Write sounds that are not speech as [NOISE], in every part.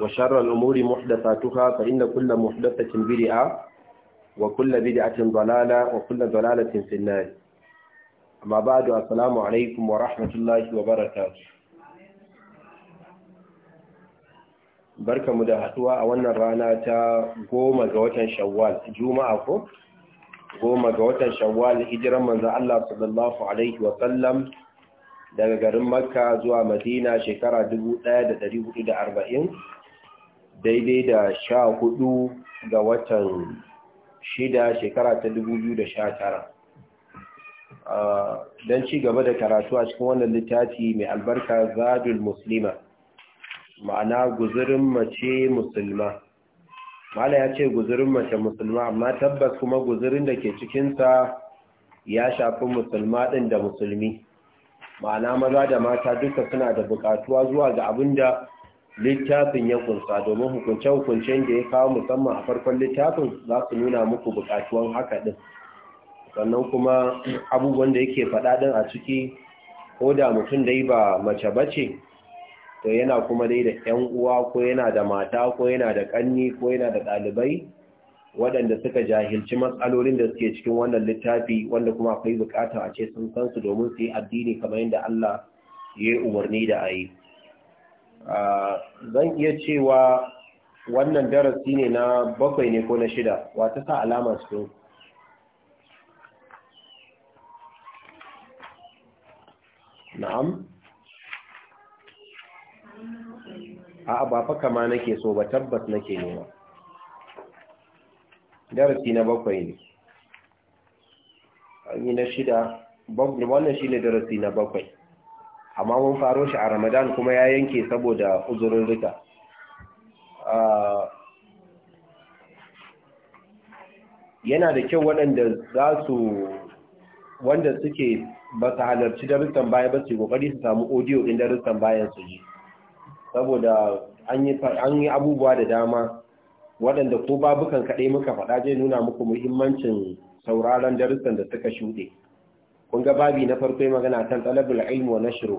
وشر الأمور محدثاتها فإن كل محدثة بدعة وكل بدعة ضلالة وكل ضلالة في النار أما بعد السلام عليكم ورحمة الله وبركاته barka mu da haduwa a wannan rana ta 10 ga watan shawwal juma'a ko 10 ga watan shawwal hijiran manzon Allah sallallahu alaihi wa sallam daga garin makka zuwa madina shekara 1440 daidai da sha hudu ga watan shida shekara ta dubu biyu da sha tara don ci gaba da karatu a cikin wannan littafi mai albarka zadul muslima ma'ana guzurin mace musulma mala ya ce guzurin mace musulma amma tabbas kuma guzurin da ke cikinsa ya shafi musulma ɗin da musulmi ma'ana maza da mata duka suna da buƙatuwa zuwa ga abin da littafin ya kunsa domin hukunce-hukuncen da ya kawo musamman a farkon littafin za su nuna muku bukatuwan haka ɗin sannan kuma abubuwan da yake faɗa ɗin a ciki ko da mutum dai ba mace bace to yana kuma dai da 'yan uwa ko yana da mata ko yana da ƙanni ko yana da ɗalibai waɗanda suka jahilci matsalolin da suke cikin wannan littafi wanda kuma akwai bukatar a ce sun san su domin su yi addini kamar yadda Allah ya yi umarni da a yi. zan iya cewa wannan darasi ne na bakwai ne ko na shida wata sa alama su na'am a ba fa kama nake so ba tabbas nake nema darasi na bakwai ne an yi na shida wannan shi ne darasi na bakwai amma mun faro shi a ramadan kuma ya yanke saboda uzurin rika yana da kyau waɗanda za su wanda suke ba su halarci darussan baya ba su kokari su samu audio ɗin darussan bayan su ji saboda an yi abubuwa da dama waɗanda ko babukan kaɗai muka faɗa zai nuna muku muhimmancin sauraron darussan da suka shuɗe kun ga babi na farko yi magana kan talabul ilmi wa nashru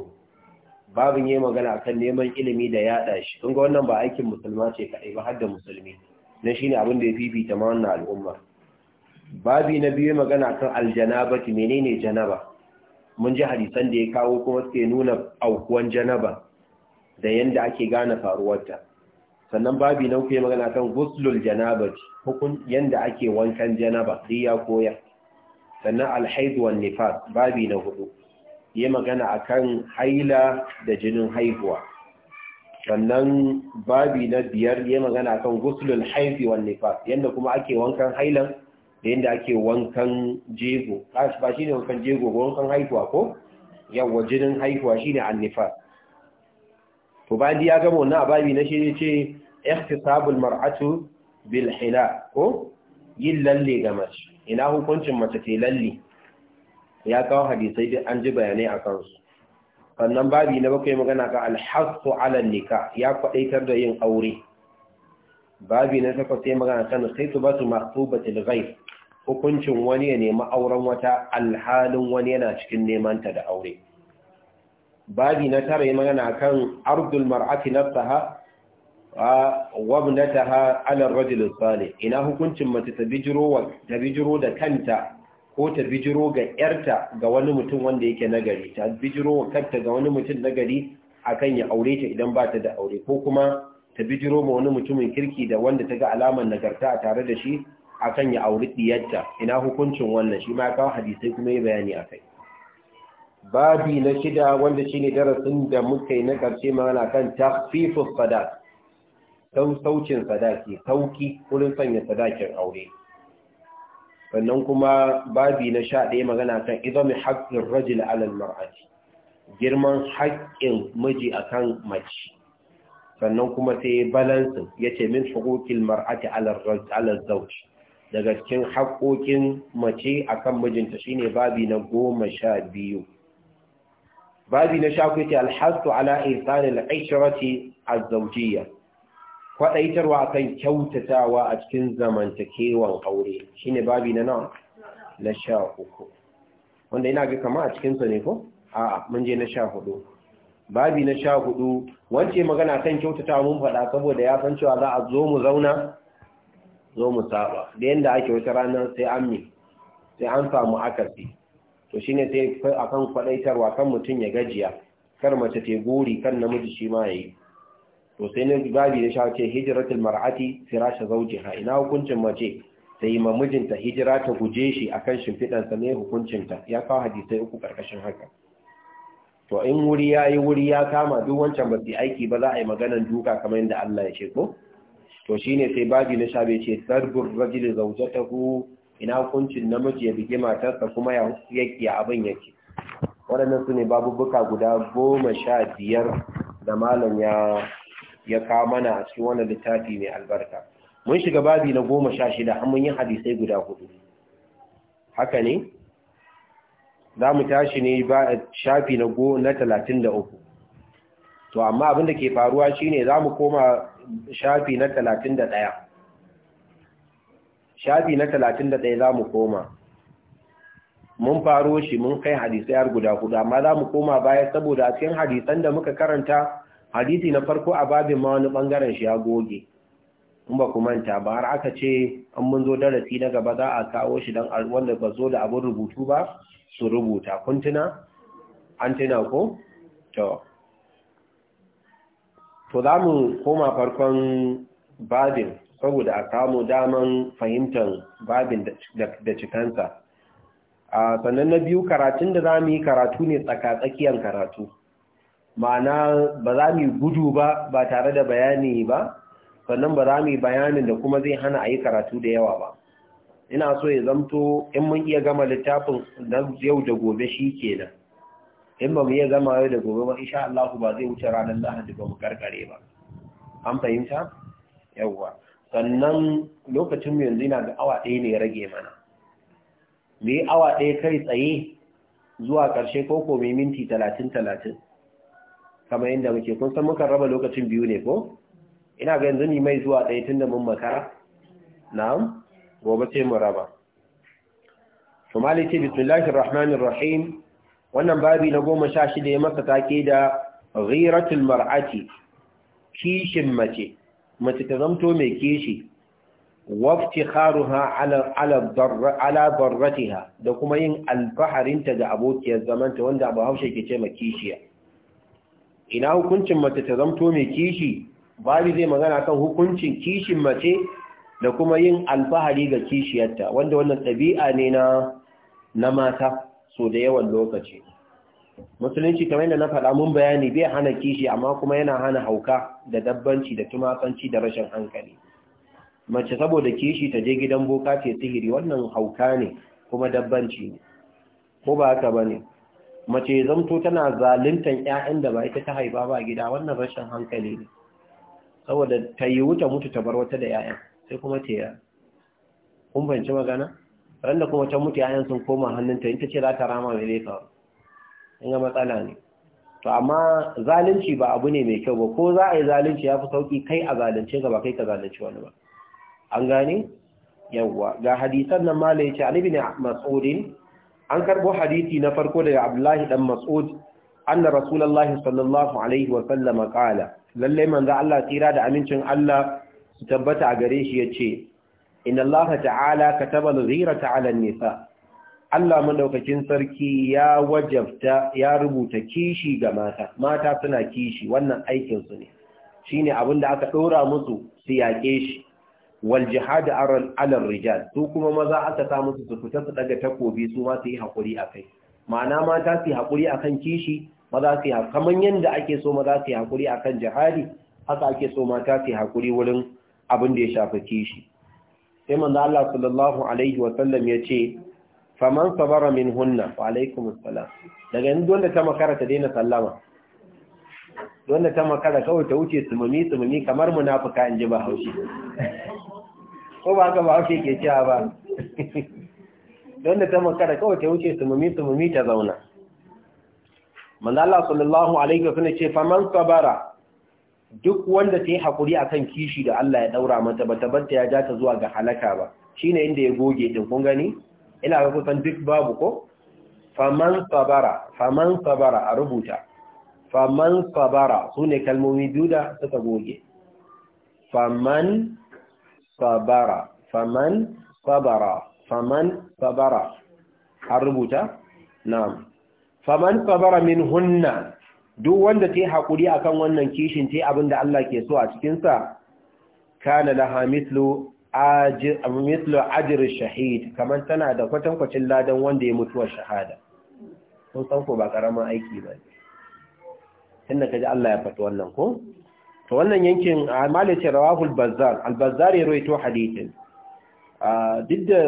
babin yi magana kan neman ilimi da yaɗa shi kun ga wannan ba aikin musulma ce kaɗai ba har da musulmi na shine abin da ya fifita ma wannan al'umma babi na biyu magana kan aljanabati menene janaba mun ji hadisan da ya kawo kuma suke nuna aukuwan janaba da yanda ake gane faruwarta sannan babi na uku magana kan guslul janabati hukun yanda ake wankan janaba duk ya koya sannan alhaidu wa nifas babi na hudu ya magana akan haila da jinin haihuwa sannan babi na biyar ya magana akan guslul haifi wan nifas yanda kuma ake wankan hailan da yanda ake wankan jego ba ne wankan jego ba wankan haihuwa ko yawa jinin haihuwa shine an nifas to bayan ya gama wannan babi na shi ce ihtisabul mar'atu bil hila ko yin lalle ga mace ina hukuncin mace ke lalle ya kawo hadisai duk an ji bayanai a kansu sannan babi na bakwai magana ga alhassu ala nika ya kwadaitar da yin aure babi na takwas sai magana kan khaytu batu mahtubatil ghayb hukuncin wani ya nemi auren wata alhalin wani yana cikin neman ta da aure babi na tara magana kan ardul mar'ati nafsaha wabnataha ala rajul salih ina hukuncin mace ta bijiro da kanta ko ta bijiro ga yarta ga wani mutum wanda yake nagari ta bijiro wa kanta ga wani mutum nagari akan ya aure ta idan ba ta da aure ko kuma ta bijiro ma wani mutumin kirki da wanda ta ga alamar nagarta a tare da shi akan ya aure diyarta ina hukuncin wannan shi ma kawo hadisai kuma yi bayani akai babi na shida wanda shine darasin da muka yi na karshe magana kan takhfifus sadat saucin sadaki sauki wurin sanya sadakin aure sannan kuma babi na sha ɗaya magana kan izomi haƙƙin rajil alal mar'ati girman haƙƙin miji akan mace sannan kuma sai balansin ya ce min haƙoƙin mar'ati alal zauj daga cikin haƙoƙin mace akan mijinta shine babi na goma sha biyu babi na sha kuce alhassu ala isanin al'ishirati azzaujiya kwaɗaitarwa kan kyautatawa a cikin zamantakewan aure shine babi na nawa na sha uku wanda yana ga kama a cikinsa ne ko a mun je na sha hudu babi na sha hudu wance magana kan kyautatawa mun faɗa saboda ya san cewa za a zo mu zauna zo mu saba da yadda ake wata rana sai an mi sai an samu akasi to shine sai akan kwaɗaitarwa kan mutum ya gajiya kar mace ta gori kan namiji shi ma yi. to sai ne gabi ya shawo ce hijratul mar'ati firasha zawjiha ina hukuncin mace ta yi mijinta hijira ta guje shi akan sa ne ta ya kawo hadisi uku karkashin haka to in wuri yayi wuri ya kama duk wancan ba su aiki ba za a yi maganan duka kamar yadda Allah ya ce ko to shine sai babi na shabe ce sarbur rajul zawjatahu ina hukuncin namiji ya bige matarsa kuma ya yake abin yake waɗannan su ne babubuka guda goma sha biyar da malam ya ya kawo mana a cikin wannan littafi mai albarka mun shiga babi na goma sha shida har mun yi hadisai guda hudu haka ne za mu tashi ne ba shafi na go na talatin da uku to amma abin da ke faruwa shine za mu koma shafi na talatin da ɗaya shafi na talatin da ɗaya za mu koma mun faro shi mun kai hadisai har guda hudu amma za mu koma baya saboda a cikin hadisan da muka karanta hadisi na farko a babin ma wani bangaren shi ya goge in ba ku manta ba har aka ce an mun zo darasi na gaba za a kawo shi dan wanda ba zo da abin rubutu ba su rubuta kun tuna an tuna ko to to za mu koma farkon babin saboda a samu daman fahimtar babin da cikansa sannan na biyu karatun da za mu yi karatu ne tsaka-tsakiyar karatu ma'ana ba za mu gudu ba ba tare da bayani ba sannan ba za mu bayanin da kuma zai hana a yi karatu da yawa ba ina so ya zamto in mun iya gama littafin yau da gobe shi kenan in ba mu iya gama yau da gobe ba insha Allah ba zai wuce ranar Lahadi ba mu karkare ba an fahimta yawa sannan lokacin mu yanzu ina da awa ɗaya ne rage mana mu awa ɗaya kai tsaye zuwa ƙarshe ko ko minti talatin talatin kamar yadda muke kun san muka raba lokacin biyu ne ko ina ga yanzu ni mai zuwa ɗaya tun da mun makara na'am gobe sai mu raba to malike bismillahir rahmanir rahim wannan babi na goma sha shida ya masa take da ghiratul mar'ati kishin mace mace ta zamto mai kishi waftikharuha ala ala darratiha da kuma yin alfaharinta ga abokiyar zamanta wanda abu haushe ke ce ma kishiya ina hukuncin mace ta zamto mai kishi babu zai magana kan hukuncin kishin mace da kuma yin alfahari ga kishiyarta wanda wannan ɗabi'a ne na na mata so da yawan lokaci musulunci kamar yadda na faɗa mun bayani bai hana kishi amma kuma yana hana hauka da dabbanci da tumakanci da rashin hankali mace saboda kishi ta je gidan boka ce sihiri wannan hauka ne kuma dabbanci ne ko ba haka bane mace zamto tana zaluntar ƴaƴan da ba ita ta haifa ba gida wannan rashin hankali ne saboda ta yi wuta mutu ta bar wata da ƴaƴan sai kuma ta yi kun fahimci magana randa kuma ta mutu ƴaƴan sun koma hannunta in ta ce za ta rama mai laifa in ga matsala ne to amma zalunci ba abu ne mai kyau ba ko za a yi zalunci ya fi sauki kai a zalunce ka ba kai ka zalunci wani ba an gane yawwa ga hadisan nan mala ya ce alibi ne mas'udin an karbo hadisi na farko daga Abdullahi dan Mas'ud anna Rasulullahi sallallahu alaihi wa sallama qala lalle manzo Allah tsira da amincin Allah su tabbata a gare shi yace inna Allah ta'ala kataba al-ghirata 'ala an-nisa Allah madaukakin sarki ya wajabta ya rubuta kishi ga mata mata suna kishi wannan aikin su ne shine abin da aka dora musu su yaƙe shi wal jihad ala rijal su kuma maza aka sa musu su fita su daga takobi su ma su yi hakuri akai ma'ana mata su yi hakuri akan kishi maza su yi kaman yanda ake so maza su yi hakuri akan jihadi haka ake so mata su yi hakuri wurin abin da ya shafi kishi sai manzo Allah sallallahu alaihi wa sallam yace faman sabara minhunna wa alaikumus salam daga yanzu wanda ta makara ta daina sallama wanda ta makara kawai ta wuce tsumumi tsumumi kamar munafuka in ji ba haushi ko ba haka ba haushi ke cewa ba wanda ta makara kawai ta wuce tsumumi tsumumi ta zauna manzo Allah sallallahu alaihi wasallam ce faman sabara duk wanda ta yi a kan kishi da Allah ya ɗaura mata ba banta ya ja ta zuwa ga halaka ba shine inda ya goge din kun gani ina ga kusan duk babu ko faman sabara faman sabara a rubuta faman sabara su ne kalmomi biyu da suka goge faman sabara faman sabara faman sabara an rubuta Na. faman sabara min hunna duk wanda ta yi haƙuri a kan wannan kishin ta yi abinda Allah ke so a cikinsa kana laha mislu ajir shahid kamar tana da kwatankwacin ladan wanda ya mutuwa shahada sun san ba ƙaramin aiki ba ne inda kaji Allah ya fata wannan ko to wannan yankin malice rawahul bazzar al-bazzar ya ruwaito hadithin duk da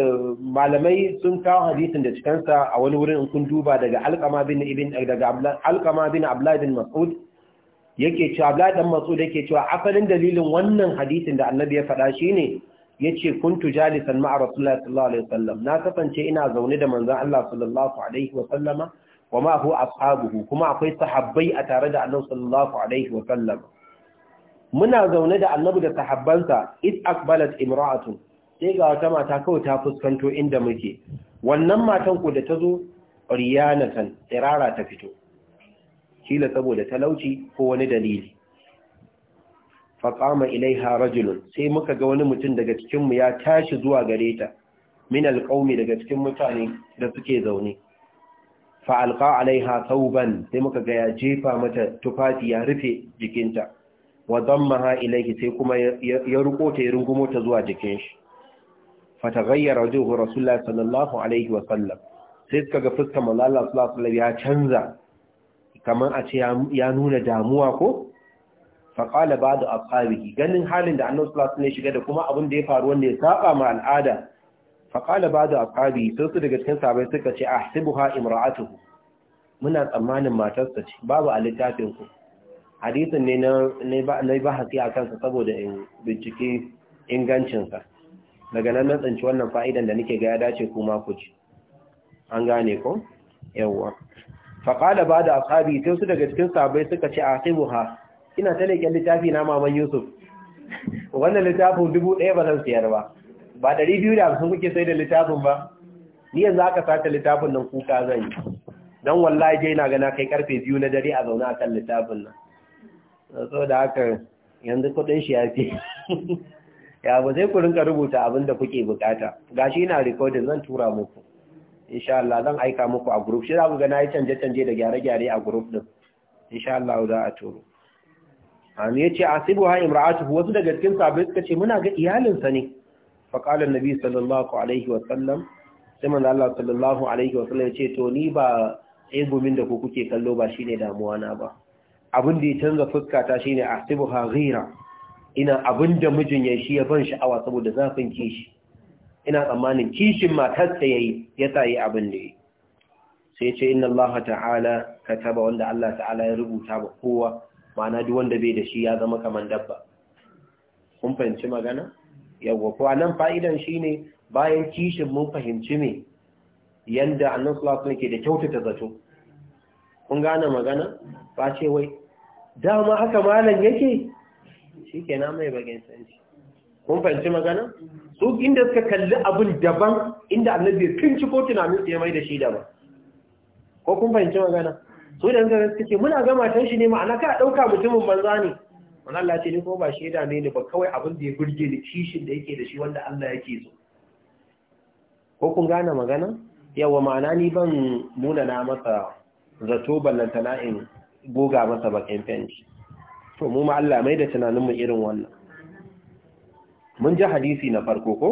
malamai sun kawo hadithin da sa a wani wurin in kun duba daga alqama bin ibn daga alqama bin abdullah bin mas'ud yake cewa abdullah dan mas'ud yake cewa asalin dalilin wannan hadithin da annabi ya faɗa shine yace kuntu jalisan ma'a rasulullahi sallallahu alaihi wasallam na kasance ina zaune da manzon Allah sallallahu alaihi wasallama wa ma hu ashabuhu kuma akwai sahabbai a tare da annabi sallallahu alaihi wa sallam muna zaune da annabi da sahabbansa id aqbalat imra'atun sai ga wata mata kawai ta fuskanto inda muke wannan matan ku da tazo riyanatan tsirara ta fito kila saboda talauci ko wani dalili faqama ilaiha rajulun sai muka ga wani mutum daga cikin mu ya tashi zuwa gare ta min alqaumi daga cikin mutane da suke zaune fa'alƙa alaiha tauban sai muka ga ya jefa mata tufafi ya rufe jikinta wa dammaha ilaihi sai kuma ya ruko ta ya rungumo ta zuwa jikin shi fataghayyara wajhu rasulullah sallallahu alaihi wa sallam sai suka ga fuskar manzo sallallahu alaihi ya canza kamar a ce ya nuna damuwa ko fa qala ba'd ganin halin da annabi sallallahu alaihi shiga da kuma abin da ya faru wanda ya saba ma al'ada faƙala ba da aƙabi sai su daga cikin sabai suka ce ahsibuha imra'atuhu muna tsammanin matarsa ce babu a littafinku. ku hadisin ne na yi bahasi a kansa saboda in bincike ingancinsa daga nan na tsanci wannan fa'idan da nake ga ya dace kuma ku ci an gane ko yawwa faƙala ba da asabi sai su daga cikin sabai suka ce a sai buha ina ta leƙen littafi na maman yusuf wannan littafin dubu ɗaya ba zan siyar ba ba ɗari biyu da hamsin kuke sai da littafin ba ni yanzu aka sace littafin nan kuka zan yi don wallahi je na gana kai karfe biyu na dare a zaune a kan littafin nan so da haka yanzu kudin shi ya fi ya ba sai kurin ka rubuta abin da kuke bukata gashi yana rikodin, zan tura muku insha Allah zan aika muku a group shi za ku ga canje canje da gyare gyare a group din insha Allah za a turo ya yace asibu ha imra'atuhu wasu daga cikin sabbin suka ce muna ga iyalinsa ne faƙalar nabi sallallahu alaihi wasallam sai manzo Allah sallallahu alaihi wasallam ya ce to ni ba egumin da ku kuke kallo ba shine damuwa na ba abin da ya canza fuska ta shine asibuha ghira ina abin da mijin ya shi ya ban sha'awa saboda zafin kishi ina tsammanin kishin matarsa yayi ya tsaye abin da yayi sai ce inna Allah ta'ala kataba wanda Allah ta'ala ya rubuta ba kowa ma'ana duk wanda bai da shi ya zama kaman dabba kun fahimci magana yawwa ko nan fa'idan shi ne bayan kishin mun fahimci me yadda annan ne ke da kyautata zato kun gane magana ba ce wai dama haka malam yake na mai bagen sanci kun fahimci magana su inda suka kalli abin daban inda annabi ya ci ko tunanin su ya mai da shi daban ko kun fahimci magana su da suka ce muna ga matan shi ne ma'ana ka ɗauka mutumin banza ne wani Allah ce ni ko ba shi da dame ba kawai abin da ya burge ni kishin da yake da shi wanda Allah yake so ko kun gane magana yawa ma'ana ni ban nuna na masa zato ballanta na goga masa bakin fenci to mu ma Allah mai da tunanin mu irin wannan mun ji hadisi na farko ko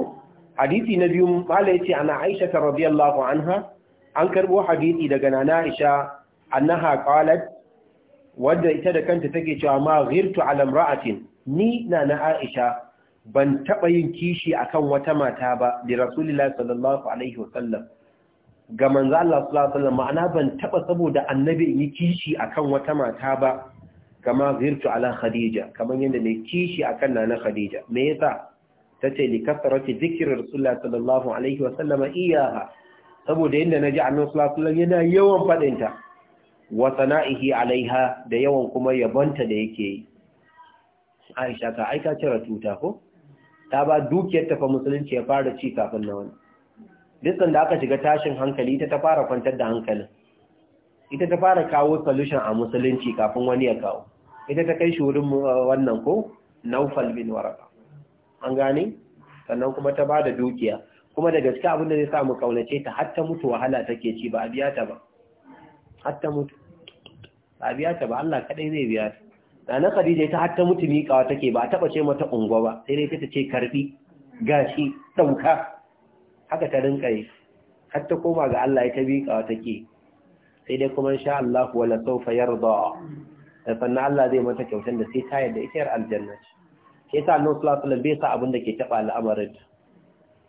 hadisi na biyu mala yace ana Aisha radiyallahu anha an karbo hadisi daga nana Aisha annaha qalat wadda ita da kanta take cewa ma ghirtu ala imra'atin ni na na Aisha ban taba yin kishi akan wata mata ba da Rasulullahi sallallahu alaihi wasallam ga manzo Allah sallallahu alaihi wasallam ma'ana ban taba saboda annabi yi kishi akan wata mata ba kama ghirtu ala Khadija kaman yanda ne kishi akan nana Khadija me yasa tace li kasrati dhikri Rasulullahi sallallahu alaihi wasallam iyaha saboda yanda naji annabi sallallahu alaihi wasallam yana yawan fadinta wa sana'ihi alaiha da yawan kuma yabonta da yake yi Aisha ka aika cire tuta ko ta ba dukiyar ta fa musulunci ya fara ci kafin na wani dukkan da aka shiga tashin hankali ita ta fara kwantar da hankalin ita ta fara kawo solution a musulunci kafin wani ya kawo ita ta kai shi wurin uh, wannan ko Naufal bin Waraka an gane sannan kuma ta ba da dukiya kuma da gaske abin da zai sa mu kaunace ta har ta mutu wahala take ci ba a biya ta ba hatta mutu ba biya ta ba Allah kadai zai biya ta Nana Khadija ita hatta mutu miƙawa take ba a taɓa ce mata unguwa ba sai dai ta ce karbi gashi ɗauka haka ta rinka yi hatta koma ga Allah ita miƙawa take sai dai kuma sha Allah wala sawfa yarda da sannan Allah zai mata kyautar da sai ta yarda ita yar aljanna ce sai ta Allah sallallahu alaihi bai sa abin da ke taɓa al'amarin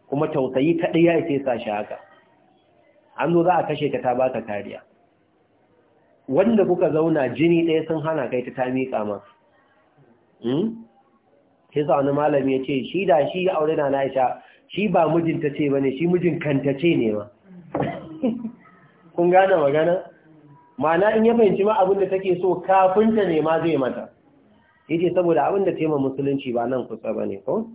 kuma tausayi ta ɗaya sai sa shi haka an zo za a kashe ka ta baka kariya wanda kuka zauna jini ɗaya sun hana kai ta ta miƙa ma hmm? sai sa wani malami ya ce shi da shi aure na Aisha shi ba mijinta ce ba ne shi mijin kanta ce ne ma [LAUGHS] kun gane magana Ma'ana in ya fahimci ma abinda take so kafinta ne ma zai mata ce saboda abinda ma musulunci ba nan kusa ba ne ko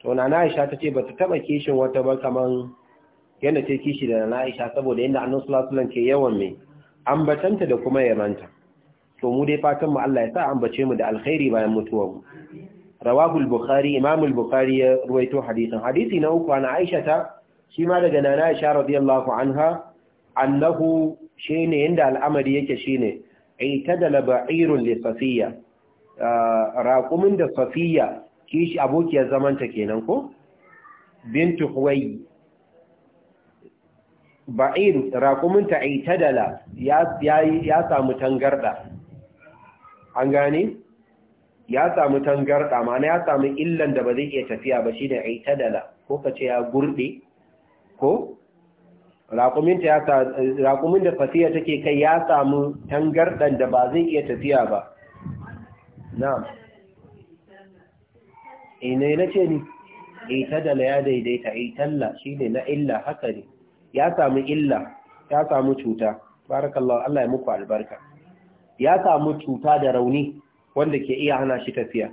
to na Aisha ba bata taba kishin wata ba kaman yanda take kishi da na Aisha saboda yadda Annabi sallallahu ke yawan mai. ambatanta da kuma yaranta to mu dai fatan mu Allah ya sa ambace mu da alkhairi bayan mutuwar mu rawahu bukhari imam al-bukhari ya ruwaito hadisin hadisi na uku ana aisha ta shi ma daga nana aisha radiyallahu anha annahu shine inda al'amari yake shine aitadala ba'irun li safiya ah, raqumin da safiya kishi abokiyar zamanta kenan ko bintu huwayi ba'ir raƙuminta itadala ya samu tangarda an gane ya samu tangarda mana ya samu illan da ba zai iya tafiya ba shine itadala ko kace ya gurde ko raƙumin da fasiya take kai ya samu tangardan da ba zai iya tafiya ba na'am ina eh, ne ce ni itadala ya daidaita shi shine na illa haka ne ya samu illa ya samu cuta barakallahu Allah ya muku albarka ya samu cuta da rauni wanda ke iya hana shi tafiya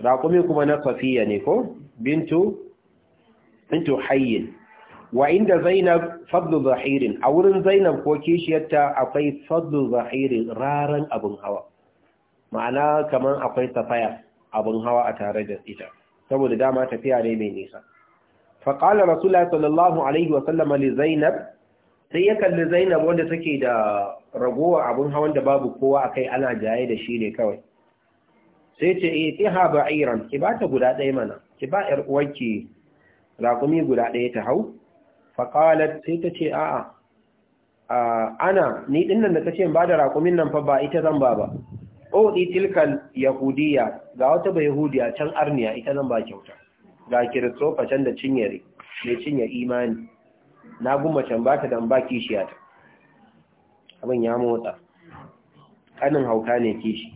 raƙumi kuma na safiya ne ko bintu bintu hayyin wa inda zainab fadlu zahirin a wurin zainab ko kishiyarta akwai fadlu zahirin raran abin hawa ma'ana kamar akwai safaya abin hawa a tare da ita saboda dama tafiya ne mai nisa faƙalar rasulullah sallallahu alaihi zainab sai ya kalli zainab wanda take da ragowa abun hawan da babu kowa a kai ana jaye da shi ne kawai sai ce e eh, tiha ba'iran ki ba ta guda ɗaya mana ki ba ƴar uwarki raƙumi guda ɗaya ta hau faƙalar sai ta ce a'a ana ni ɗinnan da ce ba da raƙumin nan fa ba ita zan ba ba o di yahudiya ga wata ba yahudiya can arniya ita zan ba kyauta ga kiristofa can da cinyere mai cinye imani na guma can ba ta dan ba kishiya ta abin ya motsa kanin hauka ne kishi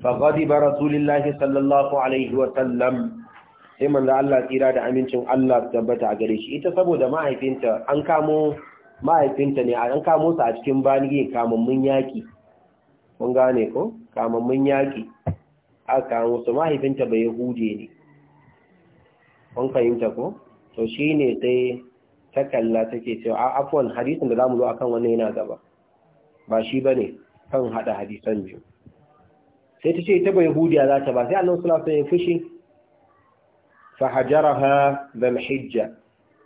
فغضب ba الله sallallahu alaihi wa sallam. sai manzo Allah tsira da amincin Allah tabbata a gare shi ita saboda mahaifinta an kamo mahaifinta ne an kamo su a cikin bani kamammun yaki kun gane ko kamammun yaki aka kawo su mahaifinta bai hude ne kun fahimta ko to shi ne sai ta kalla take cewa a afuwan hadisin da zamu zo akan wannan yana gaba ba shi bane kan hada hadisan biyu sai ta ce ita bai hude za ta ba sai Allah sallallahu alaihi wasallam ya fushi fa hajaraha bil hijja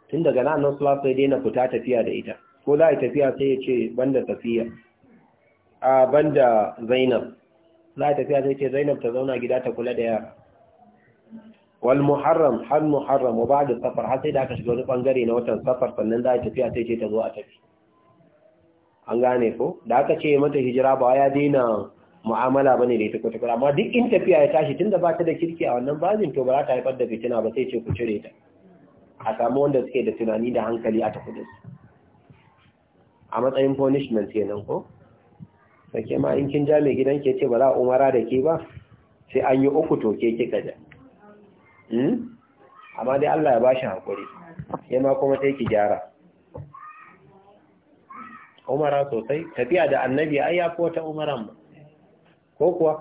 tun daga nan Allah sallallahu alaihi wasallam ya daina fita tafiya da ita ko za a tafiya sai ya ce banda tafiya a banda Zainab za a tafiya zai ce zainab ta zauna gida ta kula da yara wal muharram har muharram wa ba'da safar har sai da aka shiga wani bangare na watan safar sannan za a tafiya sai ce ta zo a tafi an gane ko da aka ce mata hijira ba ya daina mu'amala bane da ita ko ta amma duk in tafiya ya tashi tunda ba ta da kirki a wannan bazin to ba za ta haifar da fitina ba sai ce ku cire ta a samu wanda suke da tunani da hankali a tafi da su a matsayin punishment kenan ko da ke ma in kin ja mai gidan ke ce ba za a umara da ke ba sai an yi uku to ke kika ja hmm? amma dai Allah ya ba shi hankuri ya ma kuma sai ki gyara umara sosai tafiya da annabi ai ya wata umaran ba ko kuwa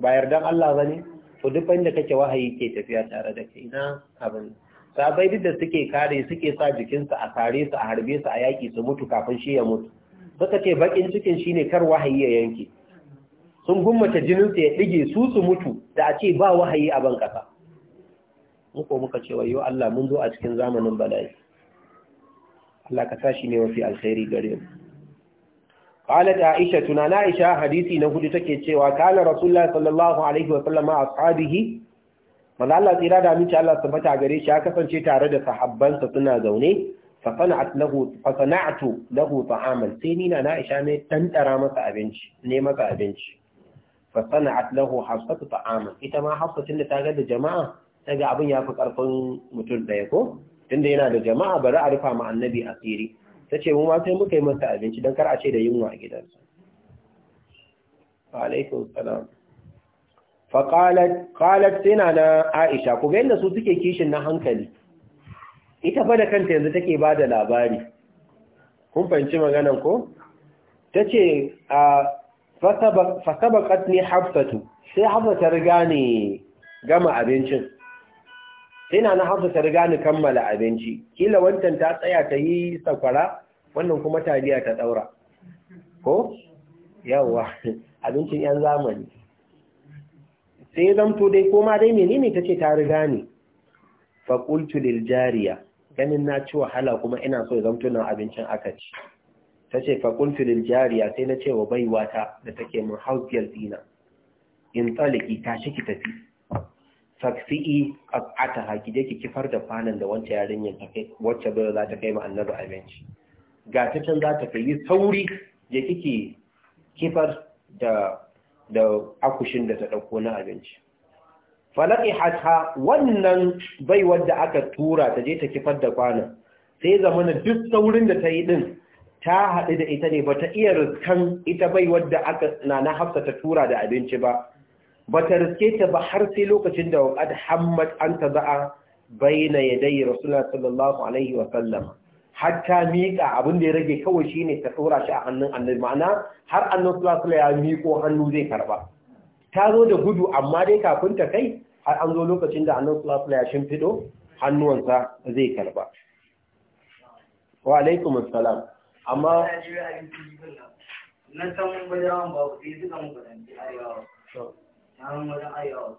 ba yardan Allah bane to duk wanda kake wahayi ke tafiya tare da kai na abin sabai duk da suke kare suke sa jikinsu a kare su a harbe su a yaki su mutu kafin shi ya mutu suka ce bakin cikin shine kar wahayi ya yanke sun gummata jininsu ya ɗige su su mutu da a ce ba wahayi a ban kasa muku muka ce wayo Allah mun zo a cikin zamanin bala'i Allah ka tashi ne wafi alkhairi gare mu ta aisha tuna na aisha hadisi na hudu take cewa kana rasulullah sallallahu alaihi wa sallama ashabihi manzo Allah tsira da aminci Allah subhanahu gare shi ya kasance tare da sahabbansa suna zaune fasana'at lahu fasana'tu lahu ta'aman sai ni na Aisha ne dan dara masa abinci ne masa abinci fasana'at lahu hafsatu ta'aman ita ma hafsatin da ta ga da jama'a ta ga abin yafi karfin mutum ɗaya ko tunda yana da jama'a bari a rufa ma annabi asiri tace mu ma sai muka yi masa abinci dan kar a ce da yunwa a gidansa alaikum salam faƙalat sai na na aisha ku ga yadda su suke kishin na hankali ita fa da kanta yanzu take ba da labari kun fahimci maganan ko ta ce a fasabakat ne hafsatu sai hafsa ta riga ne gama abincin sai na na hafsa riga ne kammala abinci kila wancan ta tsaya ta yi sakwara wannan kuma taliya ta daura ko yawa [LAUGHS] abincin yan zamani sai zamto dai koma dai menene ta ce ta riga ne lil jariya. ganin na ci wahala kuma ina so ya tunan abincin aka ci ta ce faƙun filin jariya sai na ce wa baiwata da take mun hausiyar dina in tsaliki ta shi ki tafi a ta haƙi da ki kifar da kwanan da wancan yarinyar ta kai wacce bai za ta kai ma annabi abinci ga ta can za ta kai yi sauri da kike kifar da akushin da ta ɗauko na abinci falaƙi hata wannan bai wadda aka tura ta je ta kifar da kwanan sai zamana duk saurin da ta yi din ta haɗu da ita ne ba ta iya riskan ita bai wadda aka na na hafsa ta tura da abinci ba ba ta riske ta ba har sai lokacin da waƙad hammad an ta za'a bayyana ya dai rasulullah sallallahu alaihi wa sallam hatta miƙa abin da ya rage kawai shine ta tura shi a hannun annabi ma'ana har annabi sallallahu alaihi ya miƙo hannu zai karba ta zo da gudu amma dai kafin ta kai har an zo lokacin da annan sulasula ya shimfido hannuwansa zai karba wa alaikum assalam amma na san ba ku sai suka na sai na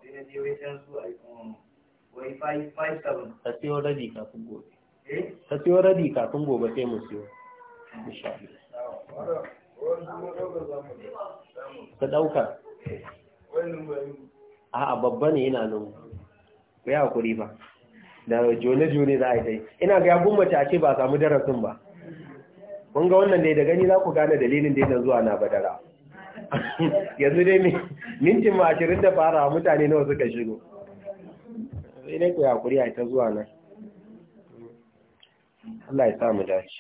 je ta siyo radi eh? kafin gobe sai mu siyo ka ɗauka eh. a'a babba ne yana nan ku ya hakuri ba da jone-jone za a yi ina ga ya gummace a ce ba samu darasin ba mun ga wannan dai da gani za ku gane dalilin da yana zuwa na badara [LAUGHS] yanzu dai mintin ma ashirin da fara mutane nawa suka shigo sai dai ku ya hakuri a ta zuwa nan Allah ya samu dace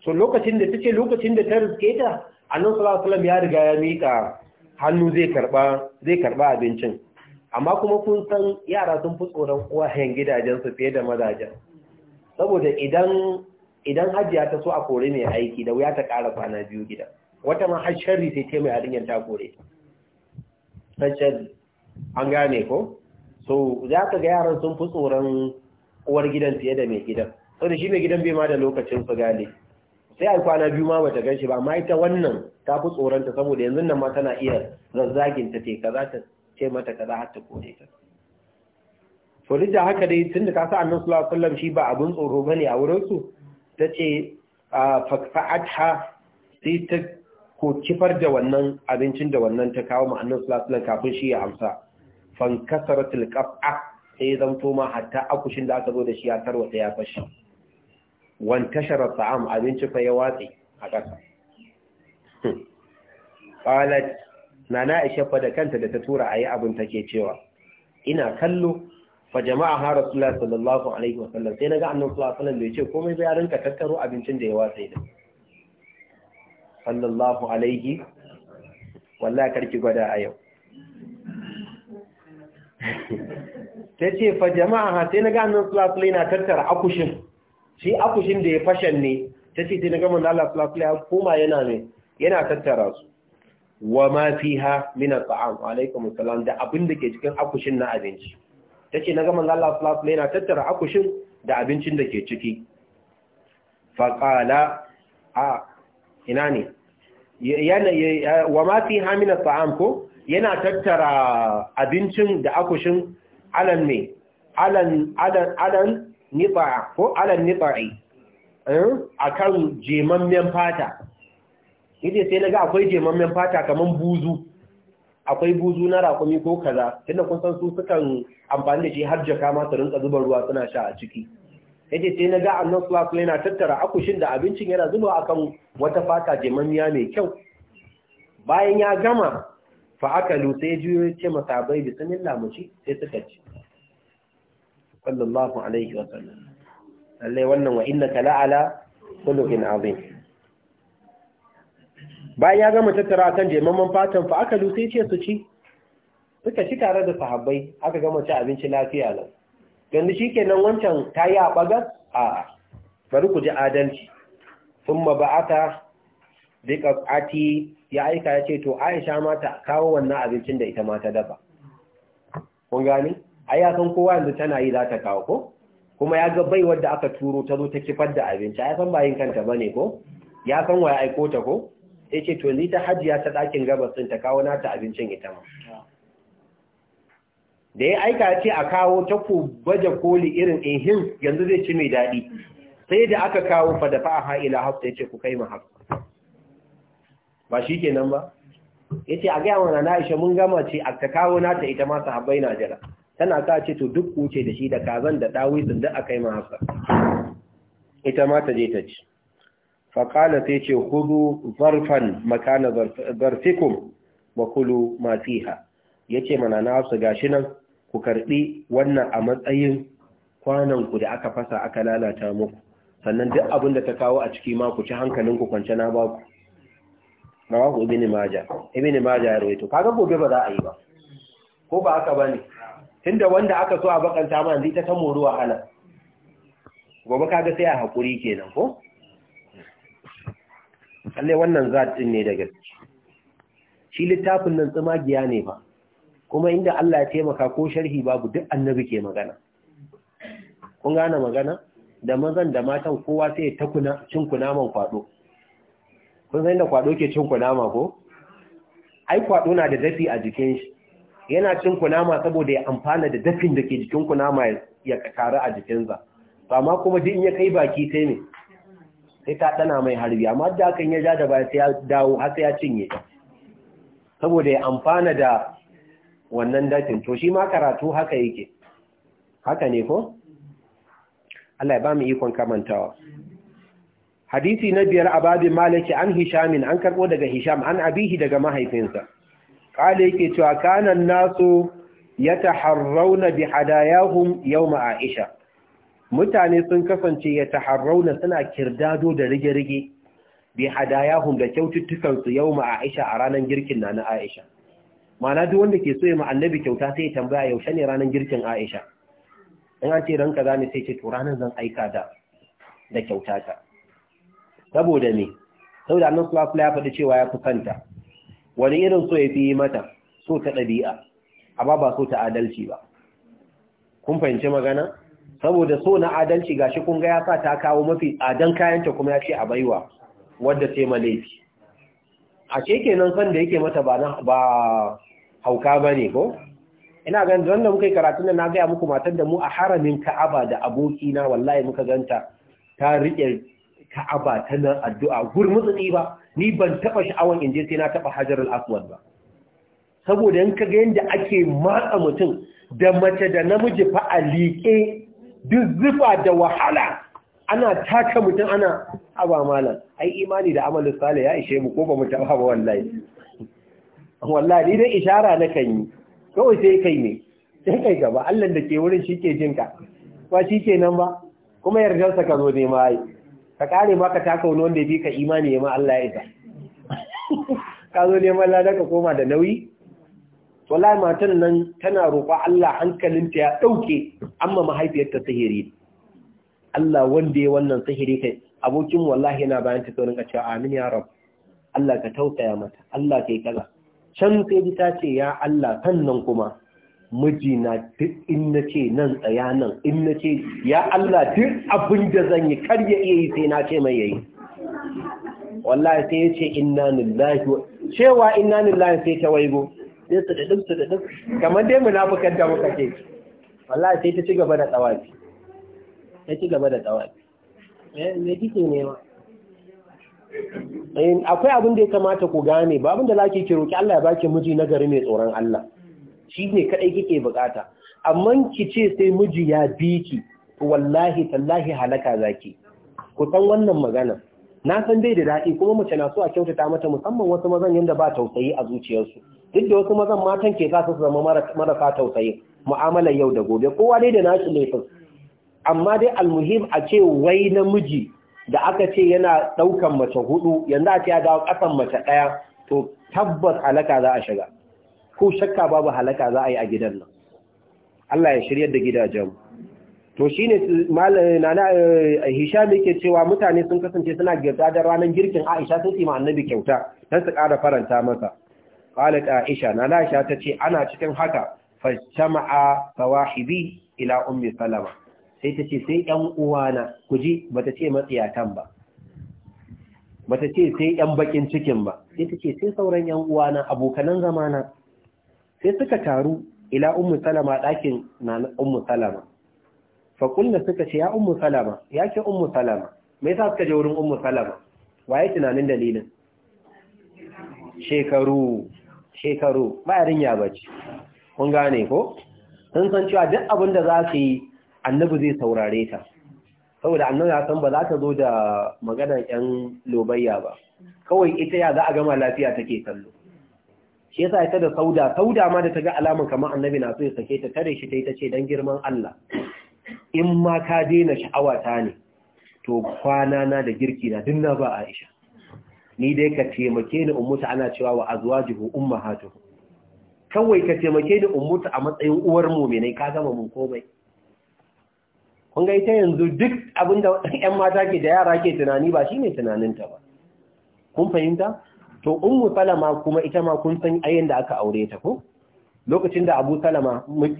so ah, lokacin da ta ce lokacin da ta riske ta annan sallallahu ya riga ya mika hannu zai karba abincin amma kuma kun san yara sun fi tsoron uwayen gidajensu fiye da mazajen saboda idan idan hajiya ta so a kore mai aiki da wuya ta ƙara kwana biyu gida wata ma har sharri sai ta mai yarinyar ta kore sashen an gane ko so za ka ga yaran sun fi tsoron uwar gidan fiye da mai gidan saboda shi mai gidan bai ma da lokacin su gane sai a kwana biyu ma bata gan shi ba amma ita wannan ta fi tsoronta saboda yanzu nan ma tana iya zazzagin ta ce kaza ta ce mata kaza har ta kore ta to duk da haka dai tunda da ka sa annabi sallallahu alaihi wasallam shi ba abun tsoro bane a wurin su ce fa'atha sai ta ko kifar da wannan abincin da wannan ta kawo ma annabi sallallahu alaihi wasallam kafin shi ya amsa fankasaratul qaf'a sai zanto ma hatta akushin da aka zo da shi ya tarwata ya fashi Wan tashara ta'am abinci fa ya watsi a ƙasa qalat nana aisha fa da kanta da ta tura ayi abin take cewa ina kallo fa jama'a ha rasulullahi sallallahu alaihi wasallam sai naga annabi sallallahu alaihi wasallam ya ce komai ba ya rinka tattaro abincin da ya watsi din sallallahu alaihi wallahi karki gwada a yau ta ce fa jama'a ha sai naga annabi sallallahu alaihi wasallam na tattara akushin shi akushin da ya fashan ne ta ce ta nagamar da Allah sallallahu alaihi kuma yana ne yana tattara su wa ma fiha min at'am alaikum assalam da abin da ke cikin akushin na abinci ta ce nagamar da Allah sallallahu alaihi yana tattara akushin da abincin da ke ciki faqala a ina ne yana wa ma fiha min at'am ko yana tattara abincin da akushin alan ne alan alan alan nita ko alal nita'i eh, akan jemammen fata yace sai naga akwai jemammen fata kamar buzu akwai buzu na rakumi ko kaza tunda kun san su sukan amfani da shi har jaka ma su rinka zuba ruwa suna sha a ciki Ita sai naga ga sallallahu alaihi yana tattara akushin da abincin yana zuba akan wata fata jemammiya mai kyau bayan ya gama fa akalu sai juyo ya ce masabai bismillah mu ci sai suka ci sallallahu alaihi wa sallam lallai wannan wa innaka la'ala khuluqin azim bayan ya gama tattara kan jemamman fatan fa aka lusi ce su ci suka ci tare da sahabbai aka gama ci abinci lafiya nan shi kenan wancan ta yi a bagas a bari ku ji adalci sun ba'ata duka ati ya aika ya ce to aisha ma ta kawo wannan abincin da ita ma ta dafa kun gani ai ya san kowa yanzu tana yi za ta kawo ko kuma ya ga bai wadda aka turo ta zo ta kifar da abinci ya san bayin kanta bane ko ya san waya aiko ta ko sai ce to ni ta hajiya ta dakin gabas din ta kawo nata abincin ita ma da ya aika ya ce a kawo ta ku baje koli irin ehin eh, yanzu zai ci mai daɗi sai da aka kawo fa da fa'a ila ya ce ku kai mu hafsa ba shi nan ba yace a gaya mana na Aisha mun gama ce a ta kawo nata ita ma sahabbai na jira tana ka ce to duk wuce da shi da kazan da sun da aka yi mahasa ita ma ta je ta ci faƙala sai ce hudu zarfan makana zarfikun wa kulu masiha ya ce mana na su gashi nan ku karɓi wannan a matsayin ku da aka fasa aka lalata muku sannan duk abin da ta kawo a ciki ma ku ci hankalinku kwance na ba ku ibn majah ibn majah ya rawaito kaga gobe ba za a yi ba ko ba aka bane tunda wanda aka so a bakanta ma zai ta ta moru wahala gobe kaga sai a hakuri kenan ko alle wannan zat din ne da shi littafin nan tsima giya ne ba kuma inda Allah ya taimaka ko sharhi babu duk annabi ke magana kun gane magana da mazan da matan kowa sai ya takuna cin kunaman kwado kun san inda kwado ke cin kunama ko ai kwado na da dafi a jikin shi yana cin kunama saboda ya amfana da dafin da ke jikin kunama ya kakaru a jikinsa amma kuma duk ya kai baki sai ne sai ta tana mai harbi amma da kan ya ja da baya sai ya dawo har sai ya cinye saboda ya amfana da wannan dafin to shi ma karatu haka yake haka ne ko Allah ya ba mu ikon kamantawa hadisi na biyar a babin malaki an hishamin an karbo daga hisham an abihi daga mahaifinsa ƙala yake cewa kanan nasu ya taharrauna bi hadayahum aisha mutane sun kasance ya taharrauna suna kirdado da rige-rige bi hadayahum da kyaututtukansu ma aisha a ranar girkin na na aisha mana duk wanda ke so ya annabi kyauta sai ya tambaya yaushe ne ranar girkin aisha in an ce ran kaza ne sai ce to ranar zan aika da da kyautata saboda ne saboda annabi sallallahu alaihi wasallam ya faɗi cewa ya fi kanta wani irin so ya fi yi mata so ta ɗabi'a amma ba so ta adalci ba kun fahimci magana saboda so na adalci gashi kun ga ya sa ta kawo mafi tsadan kayanta kuma ya ce a baiwa wadda ce laifi. a ce kenan son da yake mata ba hauka ba ne ko ina ganin don da muka yi karatun da na gaya muku matar da mu a haramin ka'aba da abokina wallahi muka ganta ta riƙe ka'aba nan addu'a gurmutsutsi ba ni ban taɓa sha'awan in je sai na taɓa hajar al’aswad ba saboda yanka ga yanda ake matsa mutum da mace da namiji fa a liƙe duk zufa da wahala ana taka mutum ana aba malam ai imani da amalin salih ya ishe mu ko ba mu taɓa ba wallahi wallahi dai ishara na yi kawai sai kai ne sai kai gaba Allah da ke wurin shi ke jinka ba shi kenan ba kuma yardarsa ka zo ne ka kare ma ka taka wani wanda ya bi ka imani ya ma Allah ya isa ka zo neman lada ka koma da nauyi wallahi matan nan tana roƙo Allah hankalinta ya ɗauke amma mahaifiyarta sihiri Allah wanda ya wannan sihiri kai abokin wallahi yana bayan ta saurin cewa amin ya rab Allah ka tausaya mata Allah kai kaza can sai ta ce ya Allah sannan kuma mijina duk in na ce nan tsaya nan in na ce ya Allah duk abin da zan yi kar ya iya yi sai na ce mai yayi wallahi sai ya ce inna lillahi cewa inna lillahi sai ta waigo sai su dadin su dadin kamar dai munafukan da muka ce wallahi sai ta ci gaba da tsawafi ta ci gaba da tsawafi eh, me kike nema eh, akwai abin da ya kamata ku gane ba abin da zaki ki roki Allah ya baki miji nagari mai tsoron Allah shi ne kaɗai kike buƙata, amma ki ce sai miji ya bi ki wallahi tallahi halaka zaki ku san wannan magana na san bai da daɗi kuma mace na so a kyautata mata musamman wasu mazan yadda ba tausayi a zuciyarsu duk da wasu mazan matan ke sa su zama marasa tausayi mu'amalar yau da gobe kowa dai da nashi laifin amma dai almuhim a ce wai namiji da aka ce yana ɗaukan mace hudu yanzu a ce ya dawo ƙasan mace ɗaya to tabbas halaka za a shiga ko shakka babu halaka za a yi a gidan nan Allah ya shiryar da gidajen to shine malana eh, Hisham yake cewa mutane sun kasance suna girta da ranar girkin Aisha sun tsima annabi kyauta don su ƙara faranta masa qalat Aisha na Aisha ce ana cikin haka fajtama'a sawahibi ila ummi Salama sai ta ce sai ƴan uwana kuji bata ce matsiyatan ba bata ce sai ƴan bakin cikin ba sai ta ce sai sauran 'yan uwana abokanan zamana sai suka taru ila ummu salama ɗakin na ummu salama faƙulla suka ce ya ummu salama ya ke ummu salama mai sa suka je wurin ummu salama waye tunanin dalilin shekaru shekaru ba yarin ya bace kun gane ko sun san cewa duk abin da za su yi annabi zai saurare ta saboda annabi ya san ba za ta zo da maganar yan lobayya ba kawai ita ya za a gama lafiya take kallo shi yasa ita da sauda sauda ma da ta ga alaman kamar annabi na so ya sake ta tare shi ta yi ta ce dan girman Allah in ma ka daina sha'awa ta ne to kwana na da girki na din na ba Aisha ni dai ka taimake ni ummuta ana cewa wa azwajuhu ummahatuhu kawai ka taimake ni ummuta a matsayin uwar mu'minai ka gama mun komai kun ga ita yanzu duk abinda ƴan [LAUGHS] mata ke da yara ke tunani ba shine tunaninta ba kun fahimta to ummu salama kuma ita ma kun san ayin da aka aure ta ko lokacin da abu salama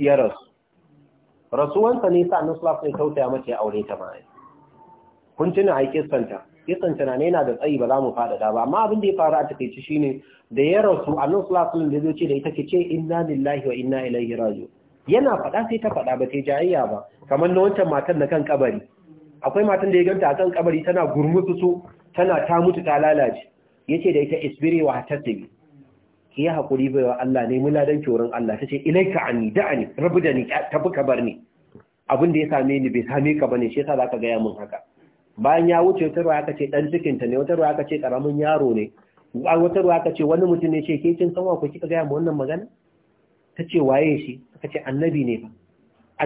ya rasu rasuwansa ne sa annabi sallallahu tauta ya mata aure ta ma kun tuna a kissanta kissanta na ne yana da tsayi ba za mu fada ba amma abin da ya faru a shi shine da ya rasu a sallallahu alaihi da ce da ita ke ce inna lillahi wa inna ilaihi yana faɗa sai ta faɗa ba ta jayayya ba kamar na wancan matan na kan kabari akwai matan da ya ganta a kan kabari tana gurmusu su tana ta mutu ta lalace yace da ita isbiri wa tasbi ki ya hakuri bai wa Allah ne mu dan kyorin Allah tace ilaika anni da'ani rabu da ni tafi ka bar ni abin da ya same ni bai same ka bane shi yasa zaka ga yamin haka bayan ya wuce wata ruwa aka ce dan cikin ta ne wata ruwa aka ce karamin yaro ne wata ruwa aka ce wani mutum ne ce ke cin sanwa ko kika ga yamin wannan magana tace waye shi aka ce annabi ne fa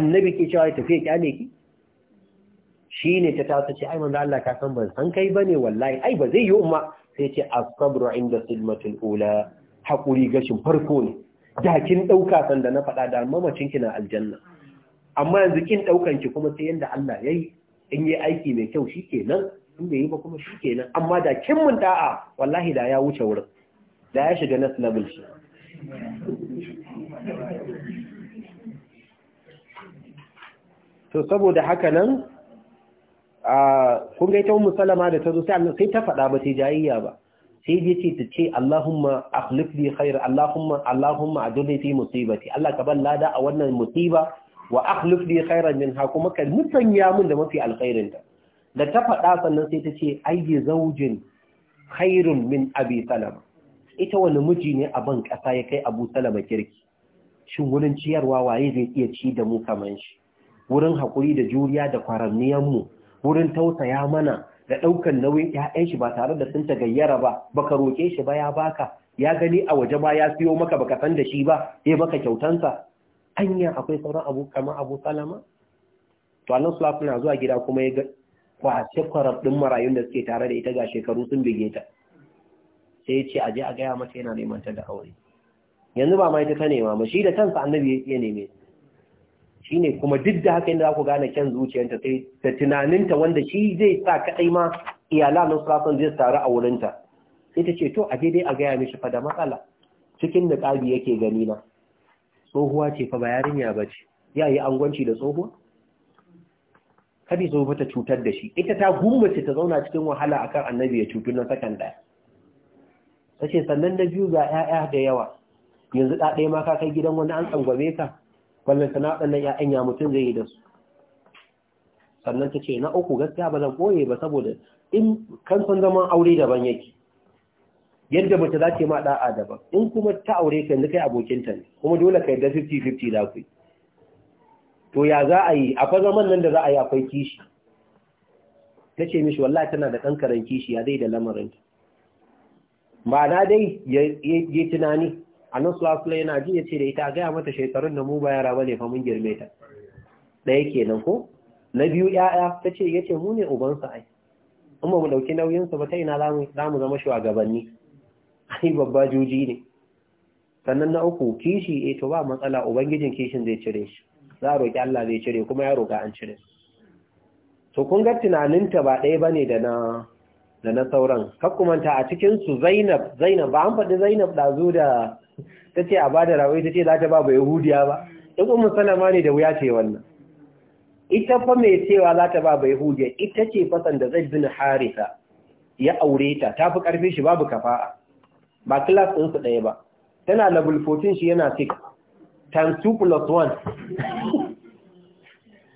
annabi ke cewa ya tafi ya kyale ki shi ne ta ta ce ai manzo Allah ka san ban san kai bane wallahi ai ba zai yi umma sai ce asabru inda silmatul ula haƙuri gashin farko ne da kin ɗauka sanda na faɗa da mamacin ki na aljanna amma yanzu kin ɗaukan ki kuma sai yanda Allah ya yi. in yi aiki mai kyau shi ke nan, in da yi ba kuma shi ke nan. amma da kin mun da'a wallahi da ya wuce wurin da ya shiga next level shi to saboda haka nan kun ga ita ummu salama da ta zo sai Allah sai ta faɗa ba sai jayayya ba sai ya ce ta ce Allahumma akhlif li khair Allahumma Allahumma ajli fi musibati Allah ka ban lada a wannan musiba wa akhlif li khairan minha kuma ka musanya min da mafi alkhairin ta da ta faɗa sannan sai ta ce ayi zaujin khairun min abi salama ita wani miji ne a ban ƙasa ya kai abu salama kirki shin wurin ciyarwa waye zai iya ci da mu kaman shi wurin hakuri da juriya da kwaramniyan mu wurin tausaya mana da ɗaukan nauyin ‘ya'yan shi ba tare da sun tagayyara ba, baka roƙe shi ba ya baka, ya gani a waje ba ya siyo maka baka san da shi ba, ya baka kyautansa. Anya akwai sauran abu kamar abu salama? To Allah Sulaf na zuwa gida kuma ya ga kwace kwarar ɗin marayun da suke tare da ita ga shekaru sun bige ta. Sai ce a a gaya mata yana neman ta da aure. Yanzu ba ma ita ta nema ba, shi da kansa annabi ya neme ta. Shi ne kuma duk da haka inda za ku gane kyan zuciyarta sai da tunaninta wanda shi zai sa kaɗai ma iyalan nan sulasan zai taru a wurinta sai ta ce to a daidai a gaya mishi fa da matsala cikin da niƙabi yake gani na tsohuwa ce fa ba yarinya ba ce ya yi angwanci da tsohuwa kada zo ta cutar da shi ita ta gumbace ta zauna cikin wahala akan annabi ya cutu na sakan ɗaya ta ce sannan na biyu ga 'ya'ya da yawa yanzu ɗaɗaya ma ka kai gidan wani an tsangwame ka wannan sana waɗannan ‘ya'yan ya mutum zai yi da su sannan ta ce na uku gaskiya ba zan koye ba saboda in kansan zaman aure daban yake yadda mace za ce ma ɗa'a daban in kuma ta aure ka yanzu kai abokinta ne kuma dole ka yadda 50-50 za ku yi to ya za a yi akwai zaman nan da za a yi akwai kishi ta ce mishi wallahi tana da ɗan kishiya, kishi ya zai da lamarin ma'ana dai ya tunani annabi sallallahu alaihi yana ji ya ce da ita gaya mata shekarun da mu ba yara ba ne fa mun girme ta ɗaya kenan ko na biyu ya'ya ta ce ya ce mu ne ubansa ai in ba mu ɗauki nauyinsa ba ta ina za mu zama shugabanni ai babba juji ne sannan na uku kishi eh to ba matsala ubangijin kishin zai cire shi za a roƙi Allah zai cire kuma ya roƙa an cire to kun ga tunaninta ba ɗaya bane da na da na sauran hakumanta a cikin su zainab zainab ba an faɗi zainab ɗazu da ta a bada da rawai ce za ta ba ba yahudiya ba in ummu salama ne da wuya ce wannan ita fa mai cewa za ta ba ba yahudiya ita ce san da zai bin harisa ya aure ta ta fi shi babu kafa'a ba class su ɗaya ba tana level 14 shi yana 6 times 2 plus 1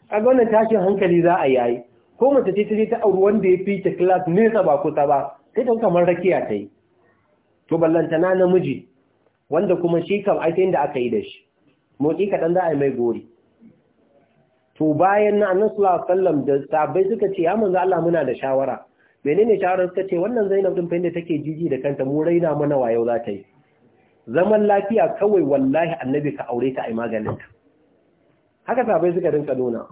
a gwamnan tashin hankali za a yayi ko mace ce ta ta auri wanda ya fi ta class nesa ba kusa ba sai ta kamar rakiya ta yi to na namiji wanda kuma shi kam ai sai da aka yi da shi motsi kaɗan za a yi mai gori to bayan na annabi sallallahu alaihi da sabai suka ce ya manzo Allah muna da shawara menene shawarar suka ce wannan Zainab din fa inda take jiji da kanta mu raina mana wayo za ta yi zaman lafiya kawai wallahi annabi ka aure ta ai maganin haka sabai suka rinka nuna